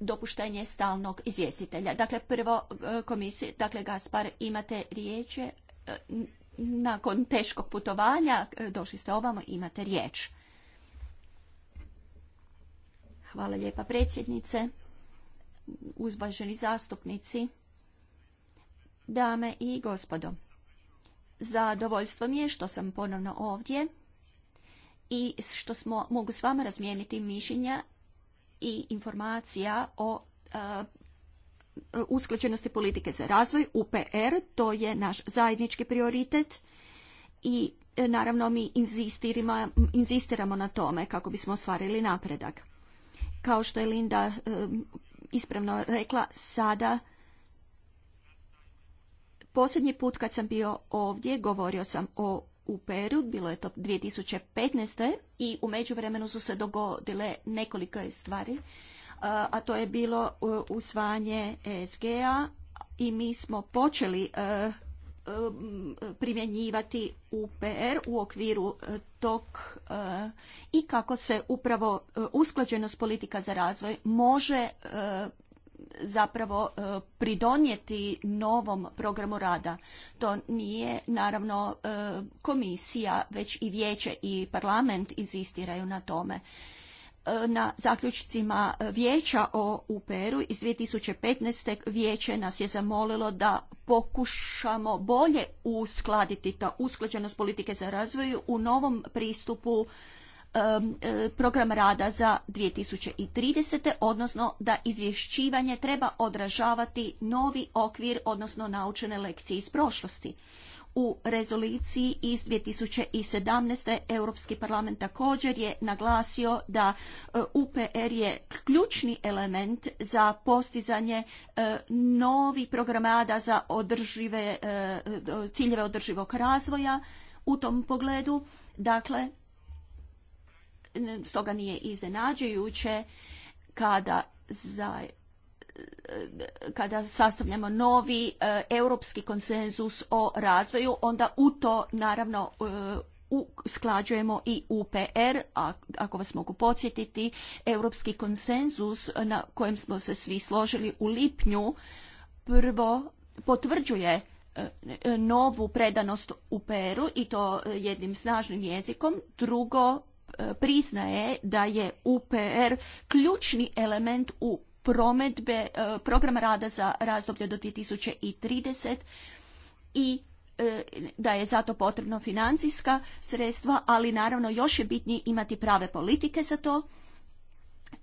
dopuštenje stalnog izvjestitelja. Dakle, prvo komisije, dakle Gaspar, imate riječe, nakon teškog putovanja e, došli ste ovamo i imate riječ. Hvala lijepa predsjednice, uzvaženi zastupnici, dame i gospodo. Zadovoljstvo mi je što sam ponovno ovdje i što smo, mogu s vama razmijeniti mišljenja i informacija o e, usklađenosti politike za razvoj, UPR, to je naš zajednički prioritet i e, naravno mi inzistiramo na tome kako bismo ostvarili napredak. Kao što je Linda e, ispravno rekla, sada posljednji put kad sam bio ovdje govorio sam o UPR-u, bilo je to 2015. i u međuvremenu su se dogodile nekoliko stvari a to je bilo e, usvajanje ESG-a i mi smo počeli e, e, primjenjivati UPR u okviru tog i kako se upravo usklađenost politika za razvoj može zapravo pridonijeti novom programu rada. To nije naravno komisija, već i vijeće i parlament inzistiraju na tome na zaključcima e, vijeća o UPR-u iz 2015. vijeće nas je zamolilo da pokušamo bolje uskladiti ta usklađenost politike za razvoj u novom pristupu e, program rada za 2030. odnosno da izvješćivanje treba odražavati novi okvir, odnosno naučene lekcije iz prošlosti. U rezoluciji iz 2017. Europski parlament također je naglasio da e, UPR je ključni element za postizanje e, novi program rada za održive, e, ciljeve održivog razvoja. U tom pogledu, dakle, stoga nije iznenađujuće kada za kada sastavljamo novi e, europski konsenzus o razvoju, onda u to naravno e, usklađujemo i UPR, a ako vas mogu podsjetiti, europski konsenzus na kojem smo se svi složili u lipnju prvo potvrđuje e, novu predanost UPR-u i to jednim snažnim jezikom. Drugo, priznaje da je UPR ključni element u prometbe, e, program rada za razdoblje do 2030 i e, da je zato potrebno financijska sredstva, ali naravno još je bitnije imati prave politike za to.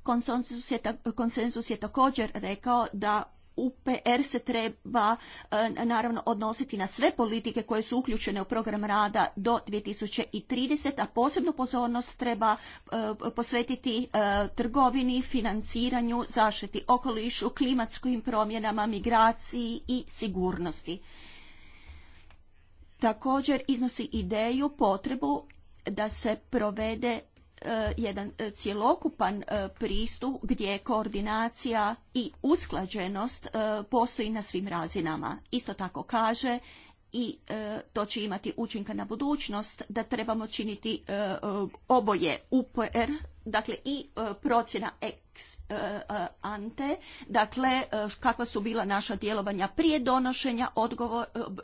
konsenzus je, konsensus je također rekao da UPR se treba e, naravno odnositi na sve politike koje su uključene u program rada do 2030, a posebnu pozornost treba e, posvetiti e, trgovini, financiranju, zaštiti okolišu, klimatskim promjenama, migraciji i sigurnosti. Također iznosi ideju potrebu da se provede E, jedan e, cjelokupan e, pristup gdje koordinacija i usklađenost postoji na svim razinama. Isto tako kaže i to će imati učinka na budućnost da trebamo činiti oboje UPR, dakle i procjena ex ante, dakle kakva su bila naša djelovanja prije donošenja,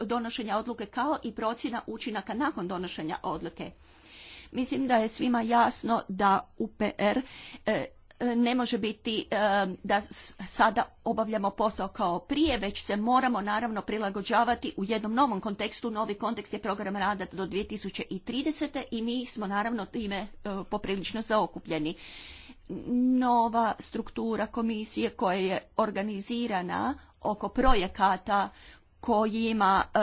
donošenja odluke kao i procjena učinaka nakon donošenja odluke. Mislim da je svima jasno da UPR e, e, ne može biti e, da sada obavljamo posao kao prije, već se moramo naravno prilagođavati u jednom novom kontekstu. Novi kontekst je program rada do 2030. i mi smo naravno time poprilično zaokupljeni. Nova struktura komisije koja je organizirana oko projekata kojima eh,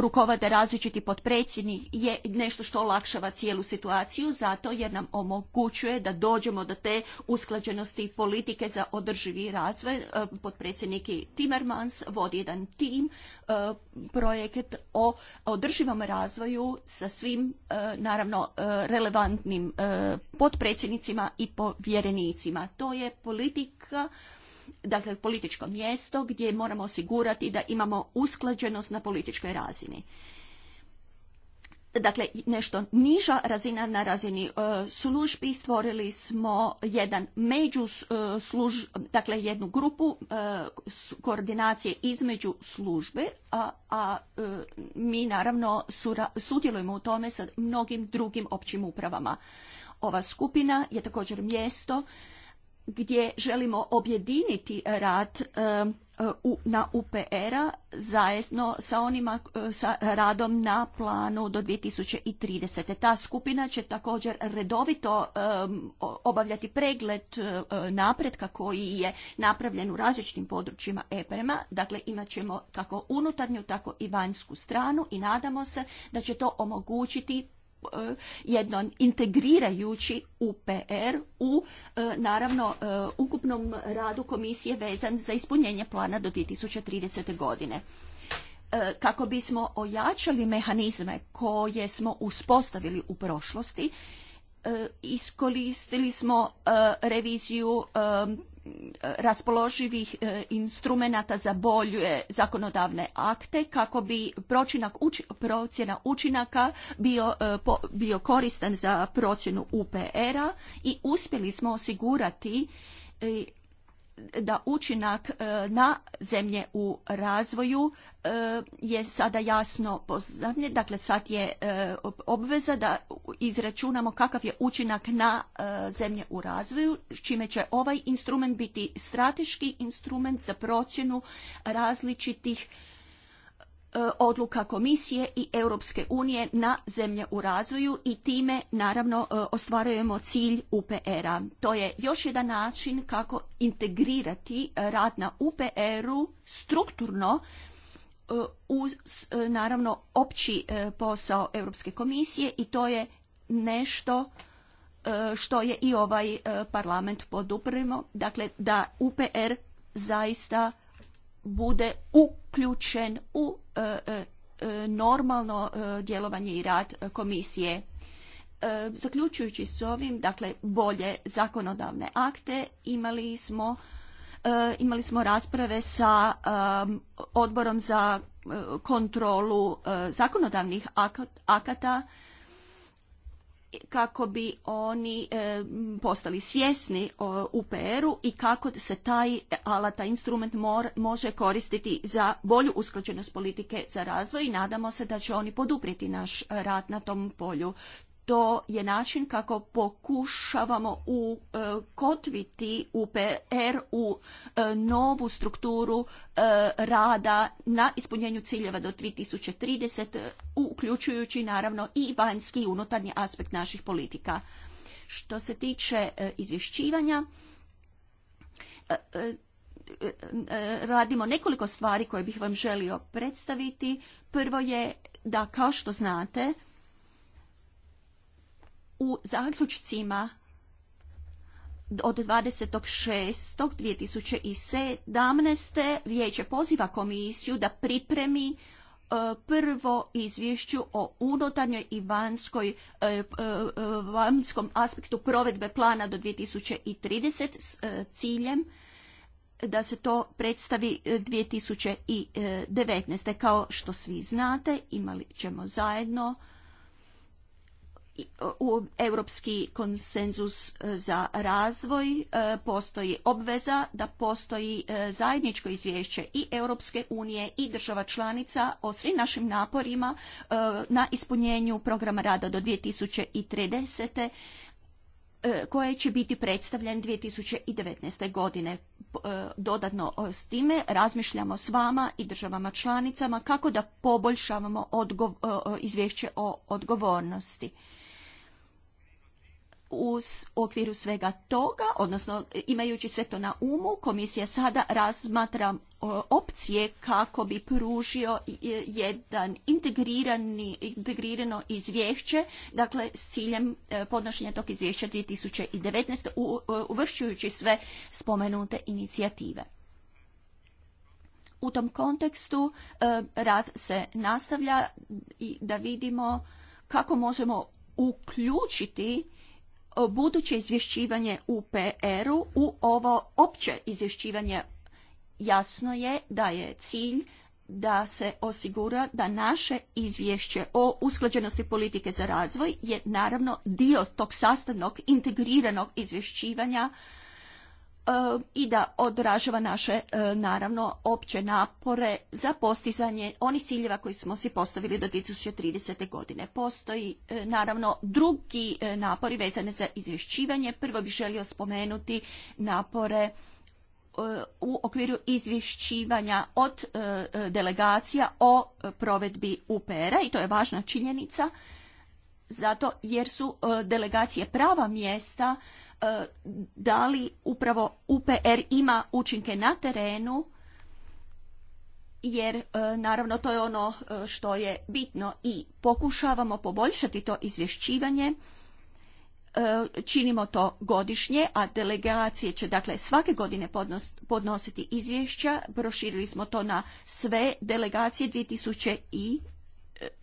rukovode različiti potpredsjednik je nešto što olakšava cijelu situaciju zato jer nam omogućuje da dođemo do te usklađenosti politike za održivi razvoj. Eh, potpredsjednik Timmermans vodi jedan tim eh, projekt o održivom razvoju sa svim naravno relevantnim potpredsjednicima i povjerenicima. To je politika dakle političko mjesto gdje moramo osigurati da imamo usklađenost na političkoj razini. Dakle, nešto niža razina na razini e, službi stvorili smo jedan među e, služ, dakle jednu grupu e, koordinacije između službe, a, a mi naravno sudjelujemo u tome sa mnogim drugim općim upravama. Ova skupina je također mjesto gdje želimo objediniti rad e, na UPR-a zajedno sa onima e, sa radom na planu do 2030. Ta skupina će također redovito e, obavljati pregled napretka koji je napravljen u različitim područjima EPREMA. Dakle, imat ćemo kako unutarnju, tako i vanjsku stranu i nadamo se da će to omogućiti E, jednom integrirajući UPR u e, naravno e, ukupnom radu komisije vezan za ispunjenje plana do 2030. godine kako bismo ojačali mehanizme koje smo uspostavili u prošlosti, iskoristili smo reviziju raspoloživih e, instrumenata za bolje zakonodavne akte kako bi pročinak, procjena učinaka bio, e, bio koristan za procjenu UPR-a i uspjeli smo osigurati e, da učinak e, na zemlje u razvoju e, je sada jasno poznavljen, dakle sad je e, obveza da izračunamo kakav je učinak na zemlje u razvoju, čime će ovaj instrument biti strateški instrument za procjenu različitih E, odluka komisije i Europske unije na zemlje u razvoju i time naravno e, ostvarujemo cilj UPR-a. To je još jedan način kako integrirati rad na UPR-u strukturno e, uz naravno opći posao Europske komisije i to je nešto što je i ovaj parlament poduprimo, dakle da UPR zaista bude uključen u e, e, e, normalno djelovanje i rad komisije. Zaključujući s ovim, dakle, bolje zakonodavne akte, imali smo imali smo rasprave sa odborom za kontrolu zakonodavnih akata kako bi oni e, postali svjesni o UPR-u i kako se taj alat, taj instrument može koristiti za bolju usklađenost politike za razvoj i nadamo se da će oni poduprijeti naš rad na tom polju to je način kako pokušavamo ukotviti UPR u e, e, novu strukturu e, rada na ispunjenju ciljeva do 2030, uključujući naravno i vanjski i unutarnji aspekt naših politika. Što se tiče izvješćivanja, radimo nekoliko stvari koje bih vam želio predstaviti. Prvo je da, kao što znate, u zaključcima od 26.2017. vijeće poziva komisiju da pripremi e, prvo izvješću o unutarnjoj i vanjskoj, e, e, vanjskom aspektu provedbe plana do 2030 s ciljem da se to predstavi 2019. Kao što svi znate, imali ćemo zajedno u europski konsenzus e, za razvoj e, postoji obveza da postoji e, zajedničko izvješće i Europske unije i država članica o svim našim naporima na ispunjenju programa rada do 2030 koje će biti predstavljen 2019. godine. Dodatno s time razmišljamo s vama i državama članicama kako da poboljšavamo izvješće o odgovornosti u okviru svega toga, odnosno imajući sve to na umu, komisija sada razmatra opcije kako bi pružio e, jedan integrirani, integrirano izvješće, dakle s ciljem e, podnošenja tog izvješća 2019. E, uvršćujući sve spomenute inicijative. U tom kontekstu rad se nastavlja i da vidimo kako možemo uključiti buduće izvješćivanje u PR-u u ovo opće izvješćivanje jasno je da je cilj da se osigura da naše izvješće o usklađenosti politike za razvoj je naravno dio tog sastavnog integriranog izvješćivanja i da odražava naše e, naravno opće napore za postizanje onih ciljeva koji smo si postavili do 2030. godine. Postoji e, naravno drugi e, napori vezane za izvješćivanje. Prvo bih želio spomenuti napore u okviru izvješćivanja od delegacija o provedbi UPR-a i to je važna činjenica zato jer su e, delegacije prava mjesta e, da li upravo UPR ima učinke na terenu, jer e, naravno to je ono što je bitno i pokušavamo poboljšati to izvješćivanje. Činimo to godišnje, a delegacije će dakle svake godine podnositi izvješća. Proširili smo to na sve delegacije 2000 i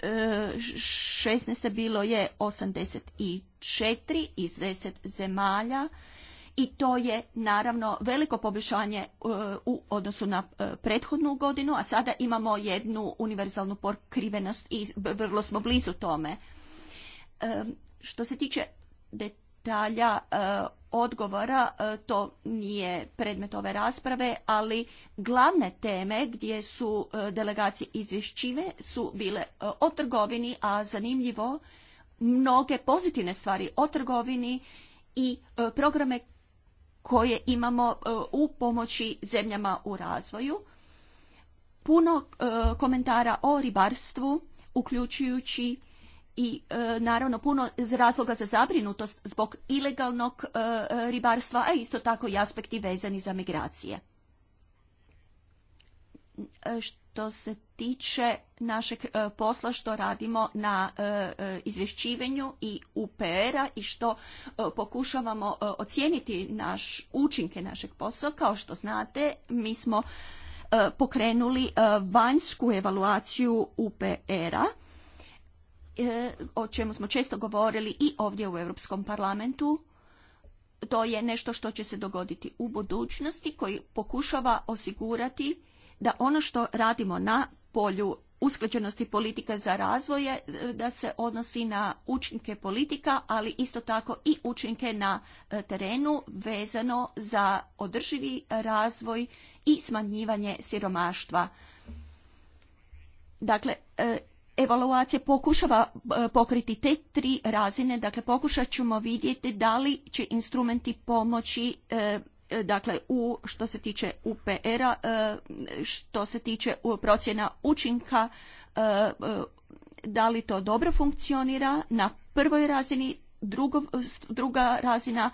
16. bilo je 84 iz 10 zemalja i to je naravno veliko poboljšanje e, u odnosu na e, prethodnu godinu, a sada imamo jednu univerzalnu pokrivenost i vrlo smo blizu tome. E, što se tiče detalja e, odgovora, e, to nije predmet ove rasprave, ali glavne teme gdje su e, delegacije izvješćive su bile o trgovini, a zanimljivo mnoge pozitivne stvari o trgovini i programe koje imamo u pomoći zemljama u razvoju. Puno komentara o ribarstvu, uključujući i e, naravno puno razloga za zabrinutost zbog ilegalnog e, ribarstva, a isto tako i aspekti vezani za migracije. E, što se tiče našeg posla što radimo na izvješćivanju i UPR-a i što pokušavamo ocijeniti naš učinke našeg posla, kao što znate, mi smo pokrenuli vanjsku evaluaciju UPR-a E, o čemu smo često govorili i ovdje u Europskom parlamentu. To je nešto što će se dogoditi u budućnosti koji pokušava osigurati da ono što radimo na polju usklađenosti politika za razvoje e, da se odnosi na učinke politika, ali isto tako i učinke na e, terenu vezano za održivi razvoj i smanjivanje siromaštva. Dakle, Evaluacija pokušava e, pokriti te tri razine, dakle pokušat ćemo vidjeti da li će instrumenti pomoći e, e, dakle u što se tiče UPR-a, što se tiče procjena učinka, da li to dobro funkcionira na prvoj razini, druga razina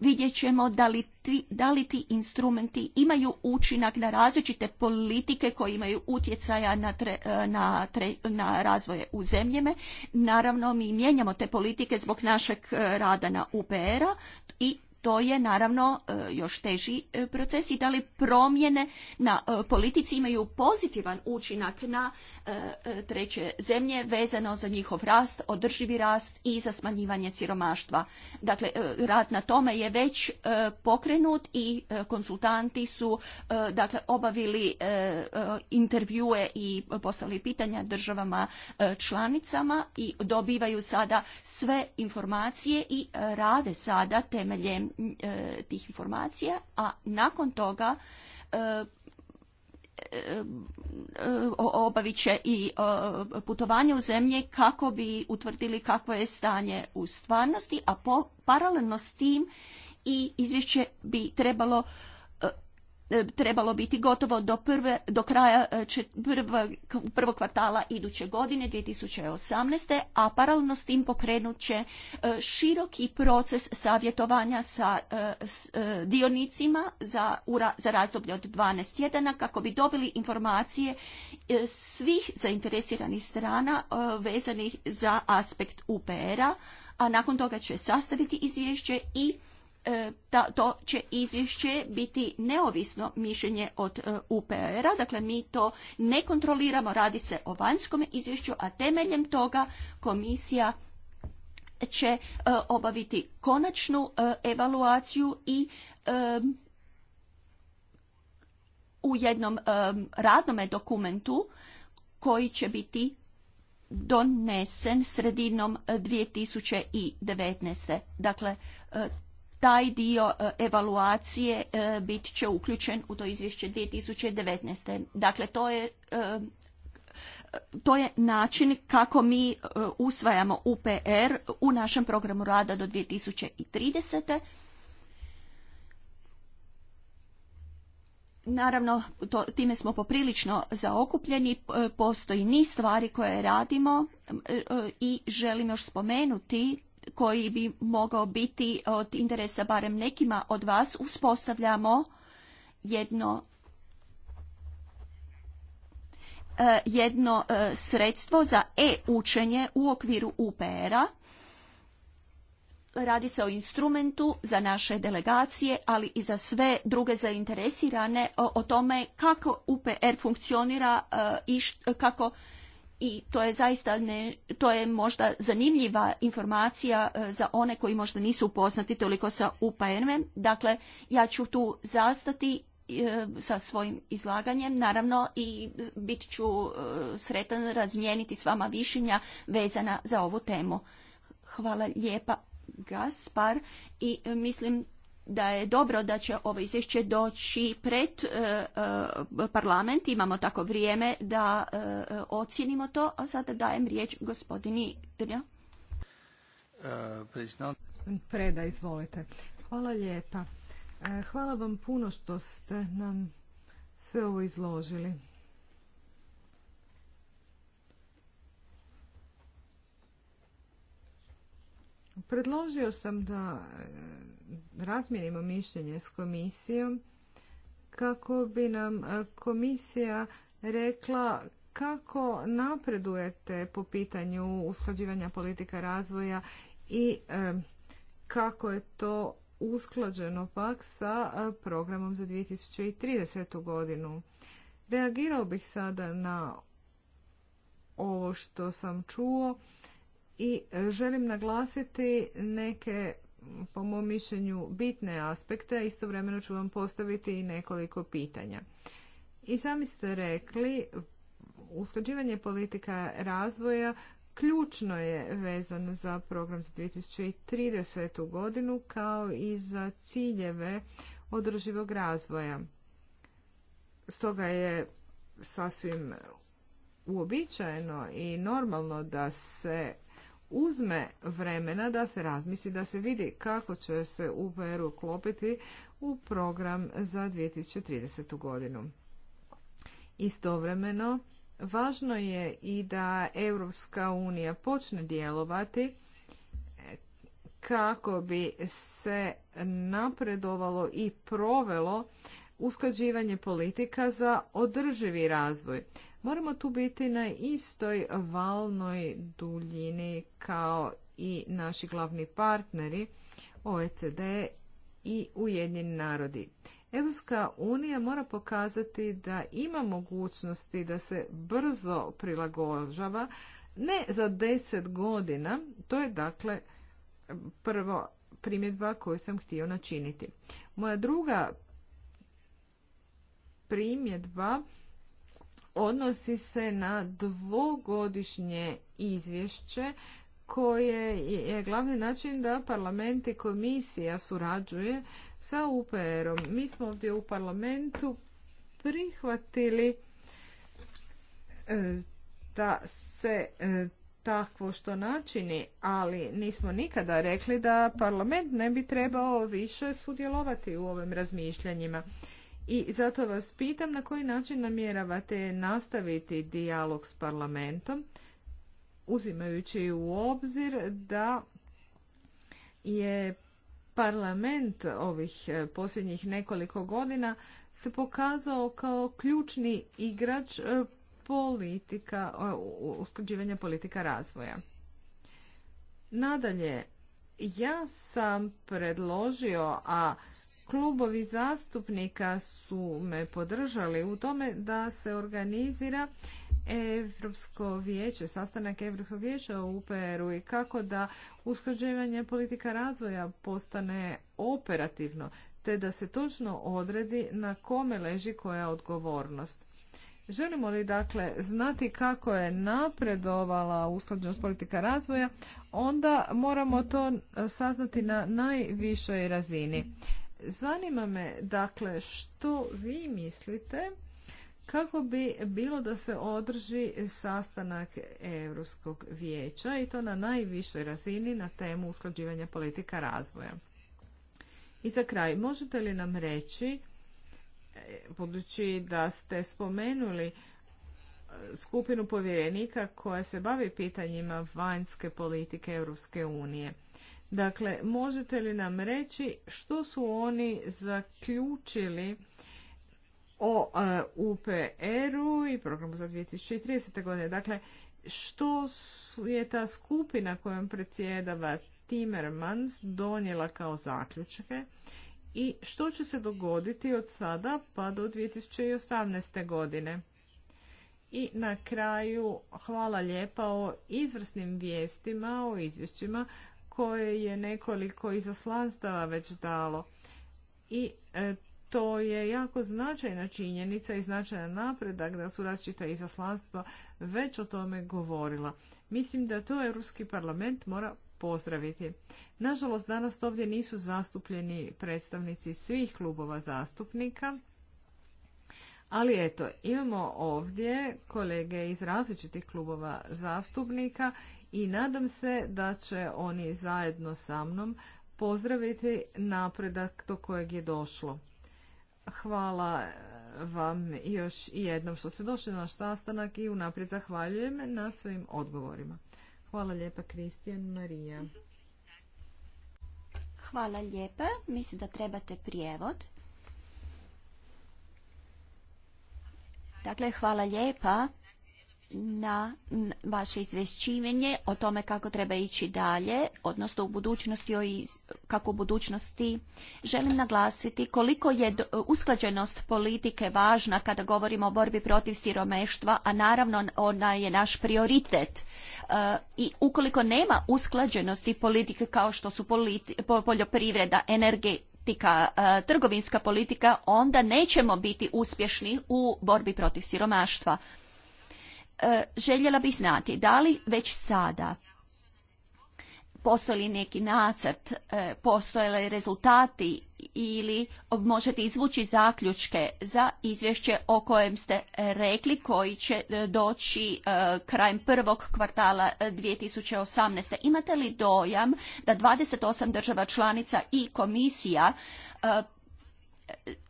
vidjet ćemo da li, ti, ti instrumenti imaju učinak na različite politike koje imaju utjecaja na, e, na, na razvoje u zemljeme. Naravno, mi mijenjamo te politike zbog našeg e, rada na UPR-a i to je naravno e, još teži e, proces i da li promjene na e, politici imaju pozitivan učinak na treće zemlje vezano za njihov rast, održivi rast i za smanjivanje siromaštva. Dakle, rad na tome je već pokrenut i konsultanti su dakle, obavili intervjue i postavili pitanja državama članicama i dobivaju sada sve informacije i rade sada temeljem E, tih informacija, a nakon toga e, e obavit će i e, putovanje u zemlje kako bi utvrdili kakvo je stanje u stvarnosti, a po, paralelno s tim i izvješće bi trebalo trebalo biti gotovo do, prve, do kraja e, prvog kvartala iduće godine 2018. a paralelno s tim pokrenut će e, široki proces savjetovanja sa e, s, dionicima za, za razdoblje od 12 tjedana kako bi dobili informacije svih zainteresiranih strana vezanih za aspekt UPR-a, a nakon toga će sastaviti izvješće i E, to će izvješće biti neovisno mišljenje od e, UPR-a, dakle mi to ne kontroliramo, radi se o vanjskom izvješću, a temeljem toga komisija će e, obaviti konačnu evaluaciju i u jednom radnome dokumentu koji će biti donesen sredinom 2019. Dakle, taj dio e, evaluacije e, bit će uključen u to izvješće 2019. Dakle, to je e, to je način kako mi usvajamo UPR u našem programu rada do 2030. Naravno, to, time smo poprilično zaokupljeni, postoji niz stvari koje radimo i želim još spomenuti koji bi mogao biti od interesa barem nekima od vas, uspostavljamo jedno e, jedno e, sredstvo za e-učenje u okviru UPR-a. Radi se o instrumentu za naše delegacije, ali i za sve druge zainteresirane o, tome kako UPR funkcionira e, i kako i to je zaista ne, to je možda zanimljiva informacija e, za one koji možda nisu upoznati toliko sa upn Dakle, ja ću tu zastati e, sa svojim izlaganjem. Naravno i bit ću e, sretan razmijeniti s vama višinja vezana za ovu temu. Hvala lijepa Gaspar i mislim da je dobro da će ovo izvješće doći pred e, e, parlament, imamo tako vrijeme da e, to, a sada dajem riječ gospodini Drnja. Preda, izvolite. Hvala lijepa. E, hvala vam puno što ste nam sve ovo izložili. Predložio sam da e, razmjerimo mišljenje s komisijom kako bi nam e, komisija rekla kako napredujete po pitanju usklađivanja politika razvoja i e, kako je to usklađeno pak sa programom za 2030. godinu. Reagirao bih sada na ovo što sam čuo i e, želim naglasiti neke po mom mišljenju bitne aspekte, a istovremeno ću vam postaviti i nekoliko pitanja. I sami ste rekli, usklađivanje politika razvoja ključno je vezano za program za 2030. godinu kao i za ciljeve održivog razvoja. Stoga je sasvim uobičajeno i normalno da se uzme vremena da se razmisli, da se vidi kako će se UPR uklopiti u program za 2030. godinu. Istovremeno, važno je i da Europska unija počne djelovati e, kako bi se napredovalo i provelo uskađivanje politika za održivi razvoj. Moramo tu biti na istoj valnoj duljini kao i naši glavni partneri OECD i Ujedinjeni narodi. Europska unija mora pokazati da ima mogućnosti da se brzo prilagođava, ne za deset godina, to je dakle prvo primjedba koju sam htio načiniti. Moja druga primjedba odnosi se na dvogodišnje izvješće koje je glavni način da parlament i komisija surađuje sa UPR-om. Mi smo ovdje u parlamentu prihvatili e, da se e, takvo što načini, ali nismo nikada rekli da parlament ne bi trebao više sudjelovati u ovim razmišljanjima. I zato vas pitam na koji način namjeravate nastaviti dijalog s parlamentom, uzimajući u obzir da je parlament ovih e, posljednjih nekoliko godina se pokazao kao ključni igrač e, politika, usklađivanja politika razvoja. Nadalje, ja sam predložio, a klubovi zastupnika su me podržali u tome da se organizira Europsko vijeće, sastanak Europskog vijeća u UPR-u i kako da usklađivanje politika razvoja postane operativno, te da se točno odredi na kome leži koja odgovornost. Želimo li dakle znati kako je napredovala usklađenost politika razvoja, onda moramo to saznati na najvišoj razini. Zanima me, dakle, što vi mislite kako bi bilo da se održi sastanak Europskog vijeća i to na najvišoj razini na temu usklađivanja politika razvoja. I za kraj, možete li nam reći, e, budući da ste spomenuli e, skupinu povjerenika koja se bavi pitanjima vanjske politike Europske unije, Dakle, možete li nam reći što su oni zaključili o e, UPR-u i programu za 2030. godine? Dakle, što je ta skupina kojom predsjedava Timmermans donijela kao zaključke i što će se dogoditi od sada pa do 2018. godine? I na kraju hvala lijepa o izvrsnim vijestima, o izvješćima koje je nekoliko izaslanstava već dalo. I e, to je jako značajna činjenica i značajan napredak da su različita izaslanstva već o tome govorila. Mislim da to Europski parlament mora pozdraviti. Nažalost, danas ovdje nisu zastupljeni predstavnici svih klubova zastupnika, ali eto, imamo ovdje kolege iz različitih klubova zastupnika i nadam se da će oni zajedno sa mnom pozdraviti napredak do kojeg je došlo. Hvala eh, vam još jednom što ste došli na naš sastanak i unaprijed zahvaljujem na svojim odgovorima. Hvala lijepa Kristijan Marija. Hvala lijepa. Mislim da trebate prijevod. Dakle, hvala lijepa na vaše izvješćivanje o tome kako treba ići dalje, odnosno u budućnosti, kako u budućnosti želim naglasiti koliko je usklađenost politike važna kada govorimo o borbi protiv siromeštva, a naravno ona je naš prioritet. E, I ukoliko nema usklađenosti politike kao što su poljoprivreda, energetika, e, trgovinska politika, onda nećemo biti uspješni u borbi protiv siromaštva. Eh, željela bih znati da li već sada postoji li neki nacrt, eh, postoje li rezultati ili možete izvući zaključke za izvješće o kojem ste rekli koji će eh, doći krajem prvog kvartala 2018. Imate li dojam da 28 država članica i komisija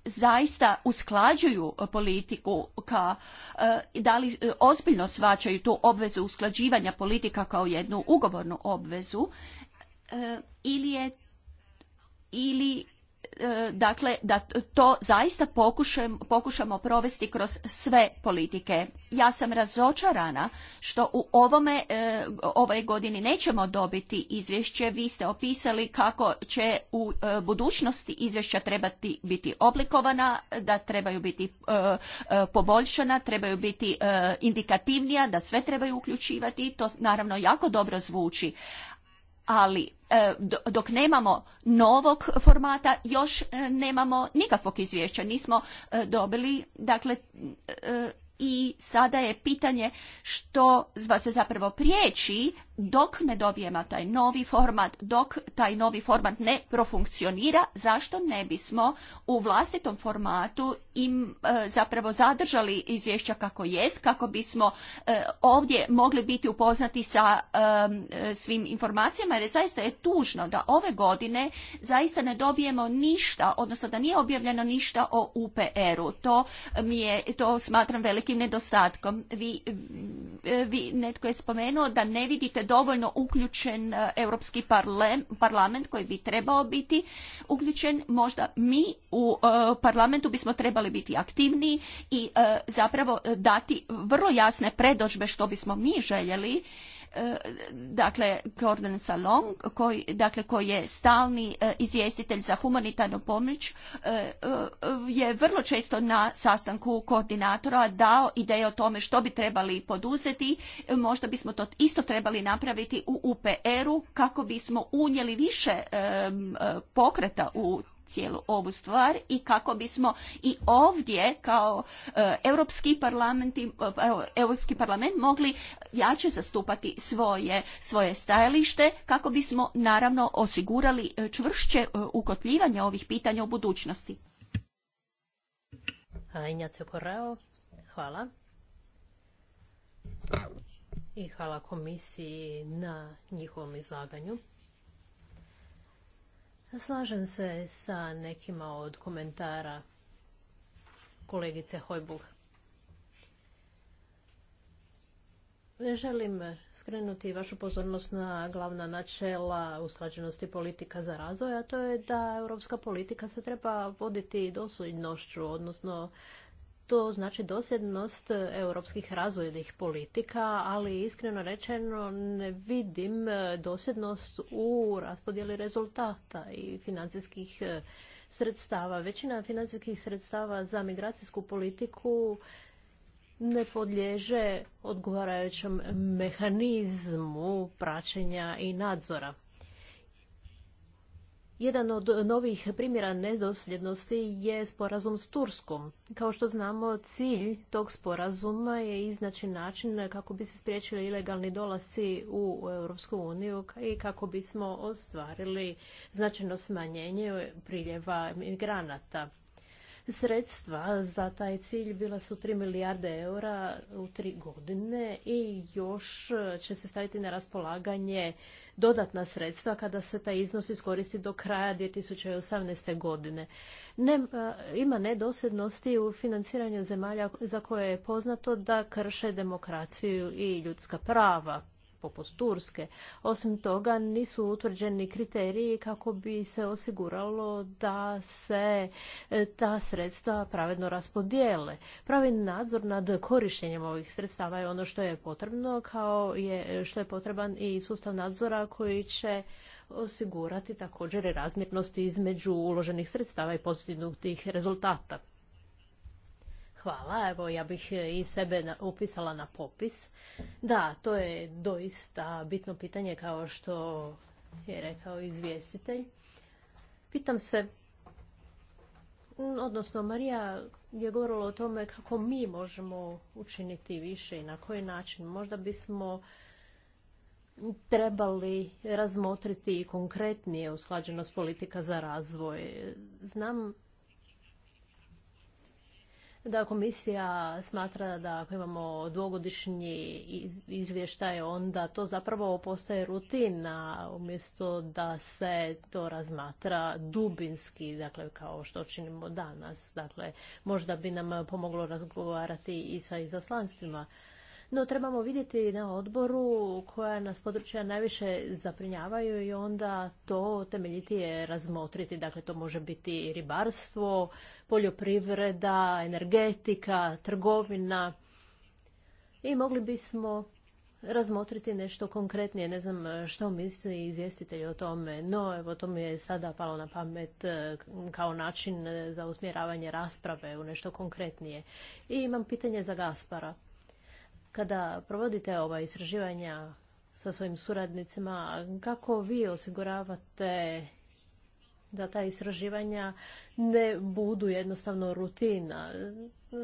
zaista usklađuju politiku ka, e, da li e, ozbiljno svačaju tu obvezu usklađivanja politika kao jednu ugovornu obvezu e, ili je ili E, dakle da to zaista pokušamo provesti kroz sve politike. Ja sam razočarana što u ovome e, ovoj godini nećemo dobiti izvješće. Vi ste opisali kako će u e, budućnosti izvješća trebati biti oblikovana, da trebaju biti poboljšana, trebaju biti indikativnija, da sve trebaju uključivati. To naravno jako dobro zvuči, ali e, dok nemamo novog formata još e, nemamo nikakvog izvješća nismo e, dobili dakle i sada je pitanje što se zapravo priječi dok ne dobijemo taj novi format, dok taj novi format ne profunkcionira, zašto ne bismo u vlastitom formatu im e, zapravo zadržali izvješća kako jest, kako bismo e, ovdje mogli biti upoznati sa e, svim informacijama, jer zaista je tužno da ove godine zaista ne dobijemo ništa, odnosno da nije objavljeno ništa o UPR-u. To mi je, to smatram velikim nedostatkom. Vi E, vi, netko je spomenuo da ne vidite dovoljno uključen e, Europski parlament koji bi trebao biti uključen. Možda mi u e, parlamentu bismo trebali biti aktivni i zapravo dati vrlo jasne predođbe što bismo mi željeli E, dakle Gordon Salong, koji, dakle, koji je stalni e, izvjestitelj za humanitarnu pomoć e, je vrlo često na sastanku koordinatora dao ideje o tome što bi trebali poduzeti. Možda bismo to isto trebali napraviti u UPR-u kako bismo unijeli više pokreta u cijelu ovu stvar i kako bismo i ovdje kao e, Europski parlament, e, Europski parlament mogli jače zastupati svoje, svoje stajalište kako bismo naravno osigurali e, čvršće ukotljivanje ovih pitanja u budućnosti. hvala. I hvala komisiji na njihovom izlaganju. Slažem se sa nekima od komentara kolegice Ne Želim skrenuti vašu pozornost na glavna načela usklađenosti politika za razvoj, a to je da europska politika se treba voditi dosljednošću, odnosno to znači dosljednost europskih razvojnih politika, ali iskreno rečeno ne vidim e, dosljednost u raspodjeli rezultata i financijskih e, sredstava. Većina financijskih sredstava za migracijsku politiku ne podliježe odgovarajućem mehanizmu praćenja i nadzora. Jedan od novih primjera nedosljednosti je sporazum s Turskom. Kao što znamo, cilj tog sporazuma je iznaći način kako bi se spriječili ilegalni dolasci u Europsku uniju i kako bismo ostvarili značajno smanjenje priljeva migranata. Sredstva za taj cilj bila su 3 milijarde eura u tri godine i još će se staviti na raspolaganje dodatna sredstva kada se taj iznos iskoristi do kraja 2018. godine. ima nedosljednosti u financiranju zemalja za koje je poznato da krše demokraciju i ljudska prava poput Turske. Osim toga nisu utvrđeni kriteriji kako bi se osiguralo da se e, ta sredstva pravedno raspodijele. Pravi nadzor nad korištenjem ovih sredstava je ono što je potrebno kao je što je potreban i sustav nadzora koji će osigurati također razmjernosti između uloženih sredstava i postignutih rezultata. Hvala, evo ja bih e, i sebe upisala na popis. Da, to je doista bitno pitanje kao što je rekao izvjestitelj. Pitam se, odnosno Marija je govorila o tome kako mi možemo učiniti više i na koji način. Možda bismo trebali razmotriti konkretnije usklađenost politika za razvoj. Znam da komisija smatra da ako imamo dvogodišnji izvještaj, onda to zapravo postaje rutina umjesto da se to razmatra dubinski, dakle kao što činimo danas. Dakle, možda bi nam pomoglo razgovarati i sa izaslanstvima no trebamo vidjeti na odboru koja nas područja najviše zaprinjavaju i onda to temeljitije razmotriti. Dakle, to može biti ribarstvo, poljoprivreda, energetika, trgovina. I mogli bismo razmotriti nešto konkretnije. Ne znam e, što misli izvjestitelj o tome, no evo to mi je sada palo na pamet e, kao način e, za usmjeravanje rasprave u nešto konkretnije. I imam pitanje za Gaspara. Kada provodite ova istraživanja sa svojim suradnicima, kako vi osiguravate da ta istraživanja ne budu jednostavno rutina.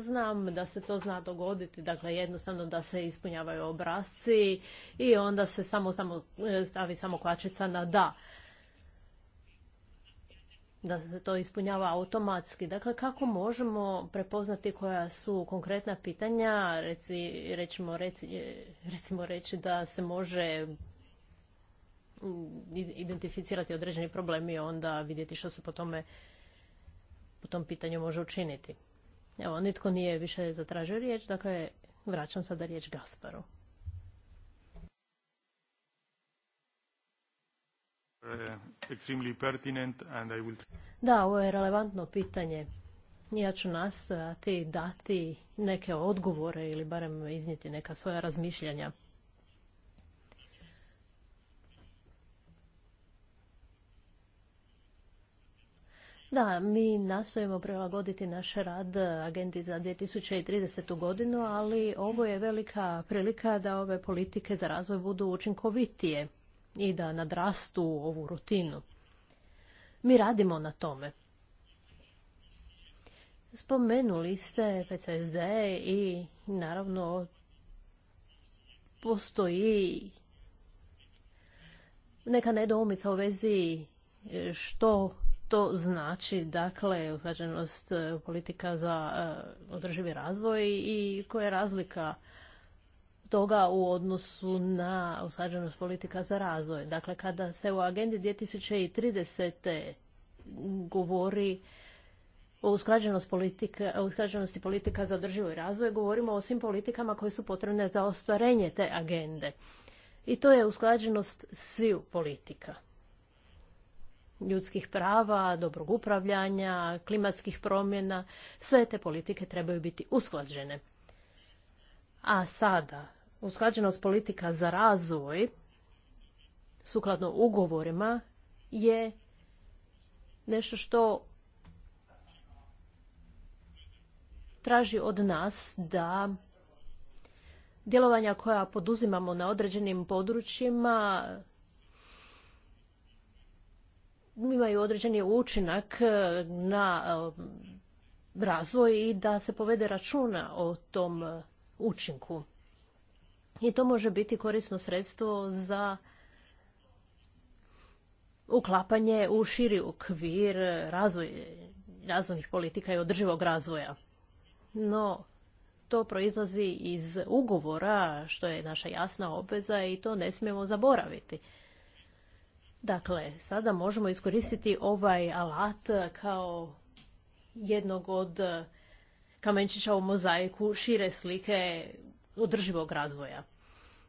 Znam da se to zna dogoditi, dakle jednostavno da se ispunjavaju obrazci i onda se samo, samo e, stavi samo kvačica na da da se to ispunjava automatski. Dakle, kako možemo prepoznati koja su konkretna pitanja, reci, recimo, recimo reći da se može identificirati određeni problemi i onda vidjeti što se po tome po tom pitanju može učiniti. Evo, nitko nije više zatražio riječ, dakle, vraćam sada riječ Gasparu. Uh, da, ovo je relevantno pitanje. Ja ću nastojati dati neke odgovore ili barem iznijeti neka svoja razmišljanja. Da, mi nastojimo prilagoditi naš rad agendi za 2030. godinu, ali ovo je velika prilika da ove politike za razvoj budu učinkovitije i da nadrastu ovu rutinu. Mi radimo na tome. Spomenuli ste PCSD i naravno postoji neka nedoumica u vezi što to znači, dakle, usklađenost e, politika za e, održivi razvoj i koja je razlika toga u odnosu na usklađenost politika za razvoj. Dakle, kada se u agendi 2030. govori o usklađenost politika, usklađenosti politika za i razvoj, govorimo o svim politikama koje su potrebne za ostvarenje te agende. I to je usklađenost sviju politika. Ljudskih prava, dobrog upravljanja, klimatskih promjena, sve te politike trebaju biti usklađene. A sada, usklađenost politika za razvoj sukladno ugovorima je nešto što traži od nas da djelovanja koja poduzimamo na određenim područjima imaju određeni učinak na um, razvoj i da se povede računa o tom učinku i to može biti korisno sredstvo za uklapanje u širi okvir razvoj, razvojnih politika i održivog razvoja. No, to proizlazi iz ugovora, što je naša jasna obveza i to ne smijemo zaboraviti. Dakle, sada možemo iskoristiti ovaj alat kao jednog od kamenčića u mozaiku šire slike održivog razvoja.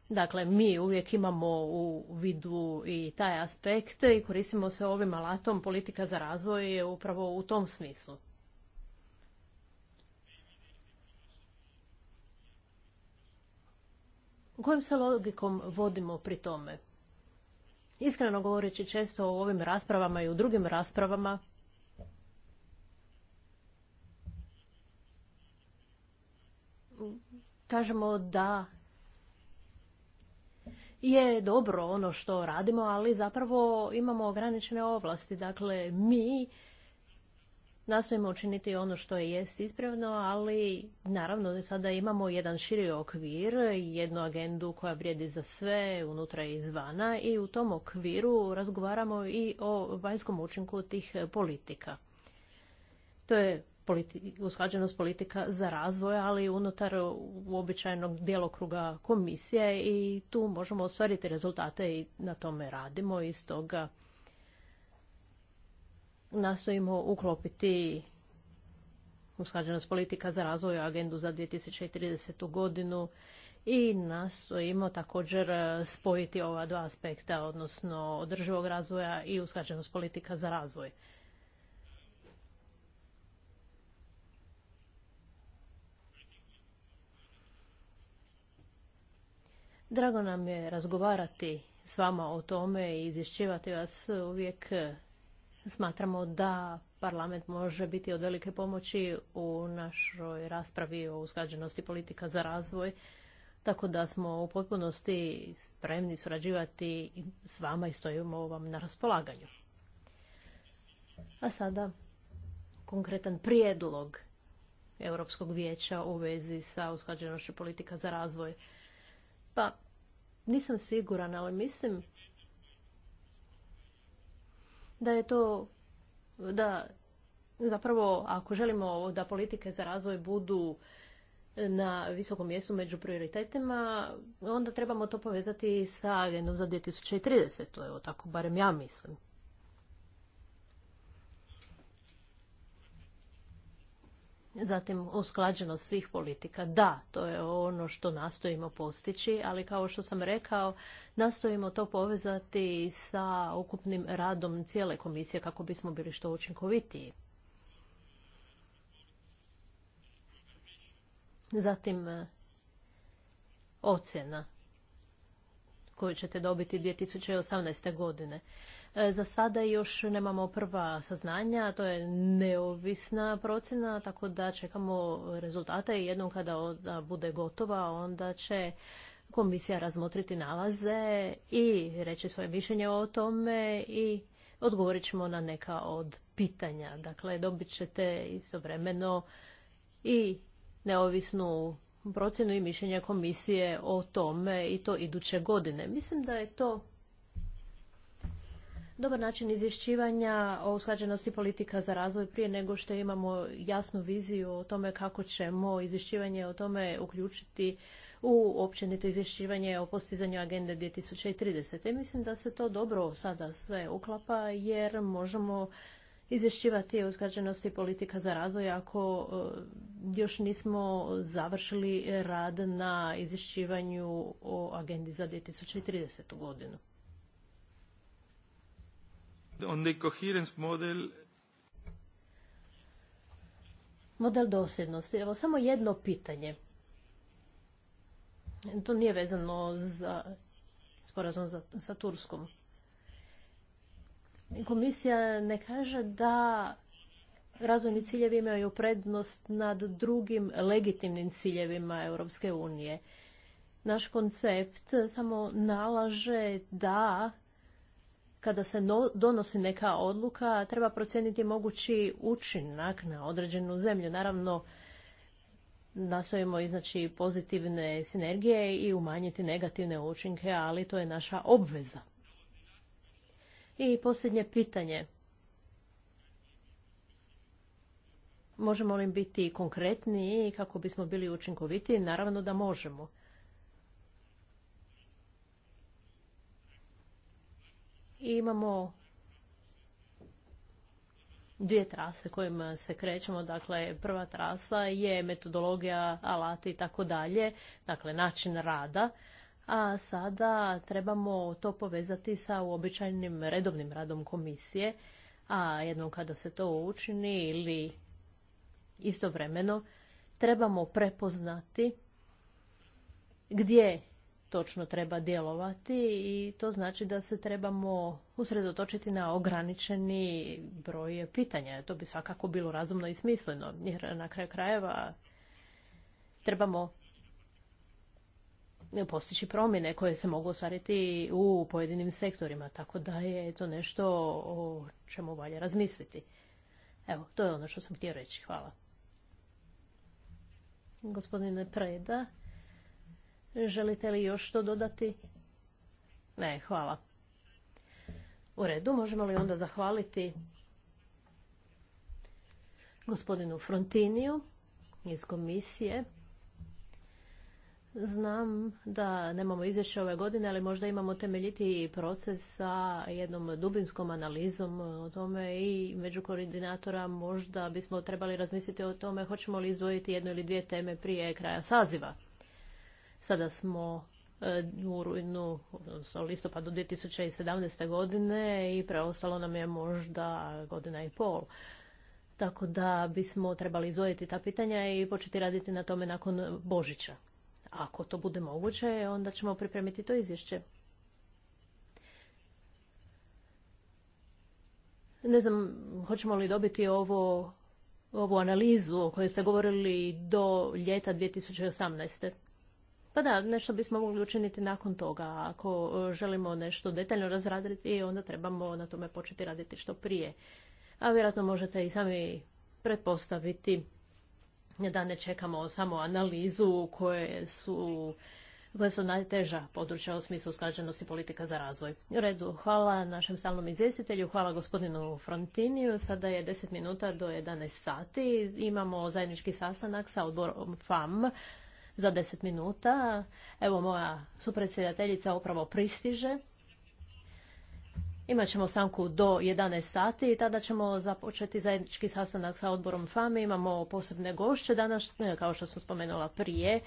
Dakle, mi uvijek imamo u vidu i taj aspekt i koristimo se ovim alatom politika za razvoj je upravo u tom smislu. Kojom se logikom vodimo pri tome? Iskreno govoreći često o ovim raspravama i u drugim raspravama, kažemo da je dobro ono što radimo, ali zapravo imamo ograničene ovlasti. Dakle, mi nastojimo učiniti ono što je jest ispravno, ali naravno sada imamo jedan širi okvir, jednu agendu koja vrijedi za sve unutra i izvana i u tom okviru razgovaramo i o vanjskom učinku tih politika. To je politi usklađenost politika za razvoj, ali unutar uobičajenog djelokruga komisije i tu možemo ostvariti rezultate i na tome radimo i stoga nastojimo uklopiti usklađenost politika za razvoj agendu za 2030. godinu i nastojimo također spojiti ova dva aspekta, odnosno održivog razvoja i usklađenost politika za razvoj. Drago nam je razgovarati s vama o tome i izvješćivati vas. Uvijek smatramo da parlament može biti od velike pomoći u našoj raspravi o usklađenosti politika za razvoj. Tako da smo u potpunosti spremni surađivati s vama i stojimo vam na raspolaganju. A sada konkretan prijedlog Europskog vijeća u vezi sa usklađenošću politika za razvoj. Pa nisam siguran, ali mislim da je to da zapravo ako želimo da politike za razvoj budu na visokom mjestu među prioritetima, onda trebamo to povezati sa agendom za 2030. To je tako barem ja mislim. Zatim usklađenost svih politika. Da, to je ono što nastojimo postići, ali kao što sam rekao, nastojimo to povezati sa ukupnim radom cijele komisije kako bismo bili što učinkovitiji. Zatim ocjena koju ćete dobiti 2018. godine. E, za sada još nemamo prva saznanja, to je neovisna procjena, tako da čekamo rezultate i jednom kada ona bude gotova, onda će komisija razmotriti nalaze i reći svoje mišljenje o tome i odgovorit ćemo na neka od pitanja. Dakle, dobit ćete istovremeno i neovisnu procjenu i mišljenje komisije o tome i to iduće godine. Mislim da je to dobar način izvješćivanja o usklađenosti politika za razvoj prije nego što imamo jasnu viziju o tome kako ćemo izvješćivanje o tome uključiti u općenito izvješćivanje o postizanju agende 2030. mislim da se to dobro sada sve uklapa jer možemo izvješćivati o usklađenosti politika za razvoj ako e, još nismo završili rad na izvješćivanju o agendi za 2030. godinu on the model Model dosljednosti. Evo, samo jedno pitanje. To nije vezano za sporazum za, sa Turskom. Komisija ne kaže da razvojni ciljevi imaju prednost nad drugim legitimnim ciljevima Europske unije. Naš koncept samo nalaže da kada se donosi neka odluka, treba procijeniti mogući učinak na određenu zemlju. Naravno, nastojimo iznaći pozitivne sinergije i umanjiti negativne učinke, ali to je naša obveza. I posljednje pitanje. Možemo li biti konkretniji kako bismo bili učinkovitiji? Naravno da možemo. I imamo dvije trase kojima se krećemo. Dakle, prva trasa je metodologija, alati i tako dalje, dakle način rada. A sada trebamo to povezati sa uobičajenim redovnim radom komisije. A jednom kada se to učini ili istovremeno trebamo prepoznati gdje točno treba djelovati i to znači da se trebamo usredotočiti na ograničeni broj pitanja. To bi svakako bilo razumno i smisleno, jer na kraju krajeva trebamo postići promjene koje se mogu ostvariti u pojedinim sektorima, tako da je to nešto o čemu valja razmisliti. Evo, to je ono što sam htio reći. Hvala. Gospodine Preda, Želite li još što dodati? Ne, hvala. U redu, možemo li onda zahvaliti gospodinu Frontiniju iz komisije. Znam da nemamo izvješće ove godine, ali možda imamo temeljiti proces sa jednom dubinskom analizom o tome i među koordinatora možda bismo trebali razmisliti o tome hoćemo li izdvojiti jednu ili dvije teme prije kraja saziva. Sada smo e, u rujnu, odnosno listopadu 2017. godine i preostalo nam je možda godina i pol. Tako da bismo trebali izvojiti ta pitanja i početi raditi na tome nakon Božića. Ako to bude moguće, onda ćemo pripremiti to izvješće. Ne znam, hoćemo li dobiti ovo, ovu analizu o kojoj ste govorili do ljeta 2018. Pa da, nešto bismo mogli učiniti nakon toga. Ako e, želimo nešto detaljno razraditi, onda trebamo na tome početi raditi što prije. A vjerojatno možete i sami pretpostaviti da ne čekamo samo analizu koje su koja su najteža područja u smislu usklađenosti politika za razvoj. U redu, hvala našem stalnom izvjestitelju, hvala gospodinu Frontiniju. Sada je 10 minuta do 11 sati. Imamo zajednički sastanak sa odborom FAM za deset minuta. Evo moja supredsjedateljica upravo pristiže. Imat ćemo stanku do 11 sati i tada ćemo započeti zajednički sastanak sa odborom FAMI. Imamo posebne gošće danas, kao što sam spomenula prije.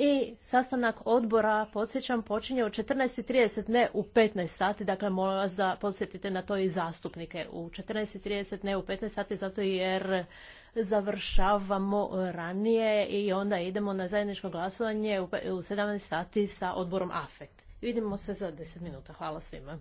I sastanak odbora, podsjećam, počinje u 14.30, ne u 15 sati, dakle molim vas da podsjetite na to i zastupnike u 14.30, ne u 15 sati, zato jer završavamo ranije i onda idemo na zajedničko glasovanje u 17 sati sa odborom AFET. Vidimo se za 10 minuta. Hvala svima.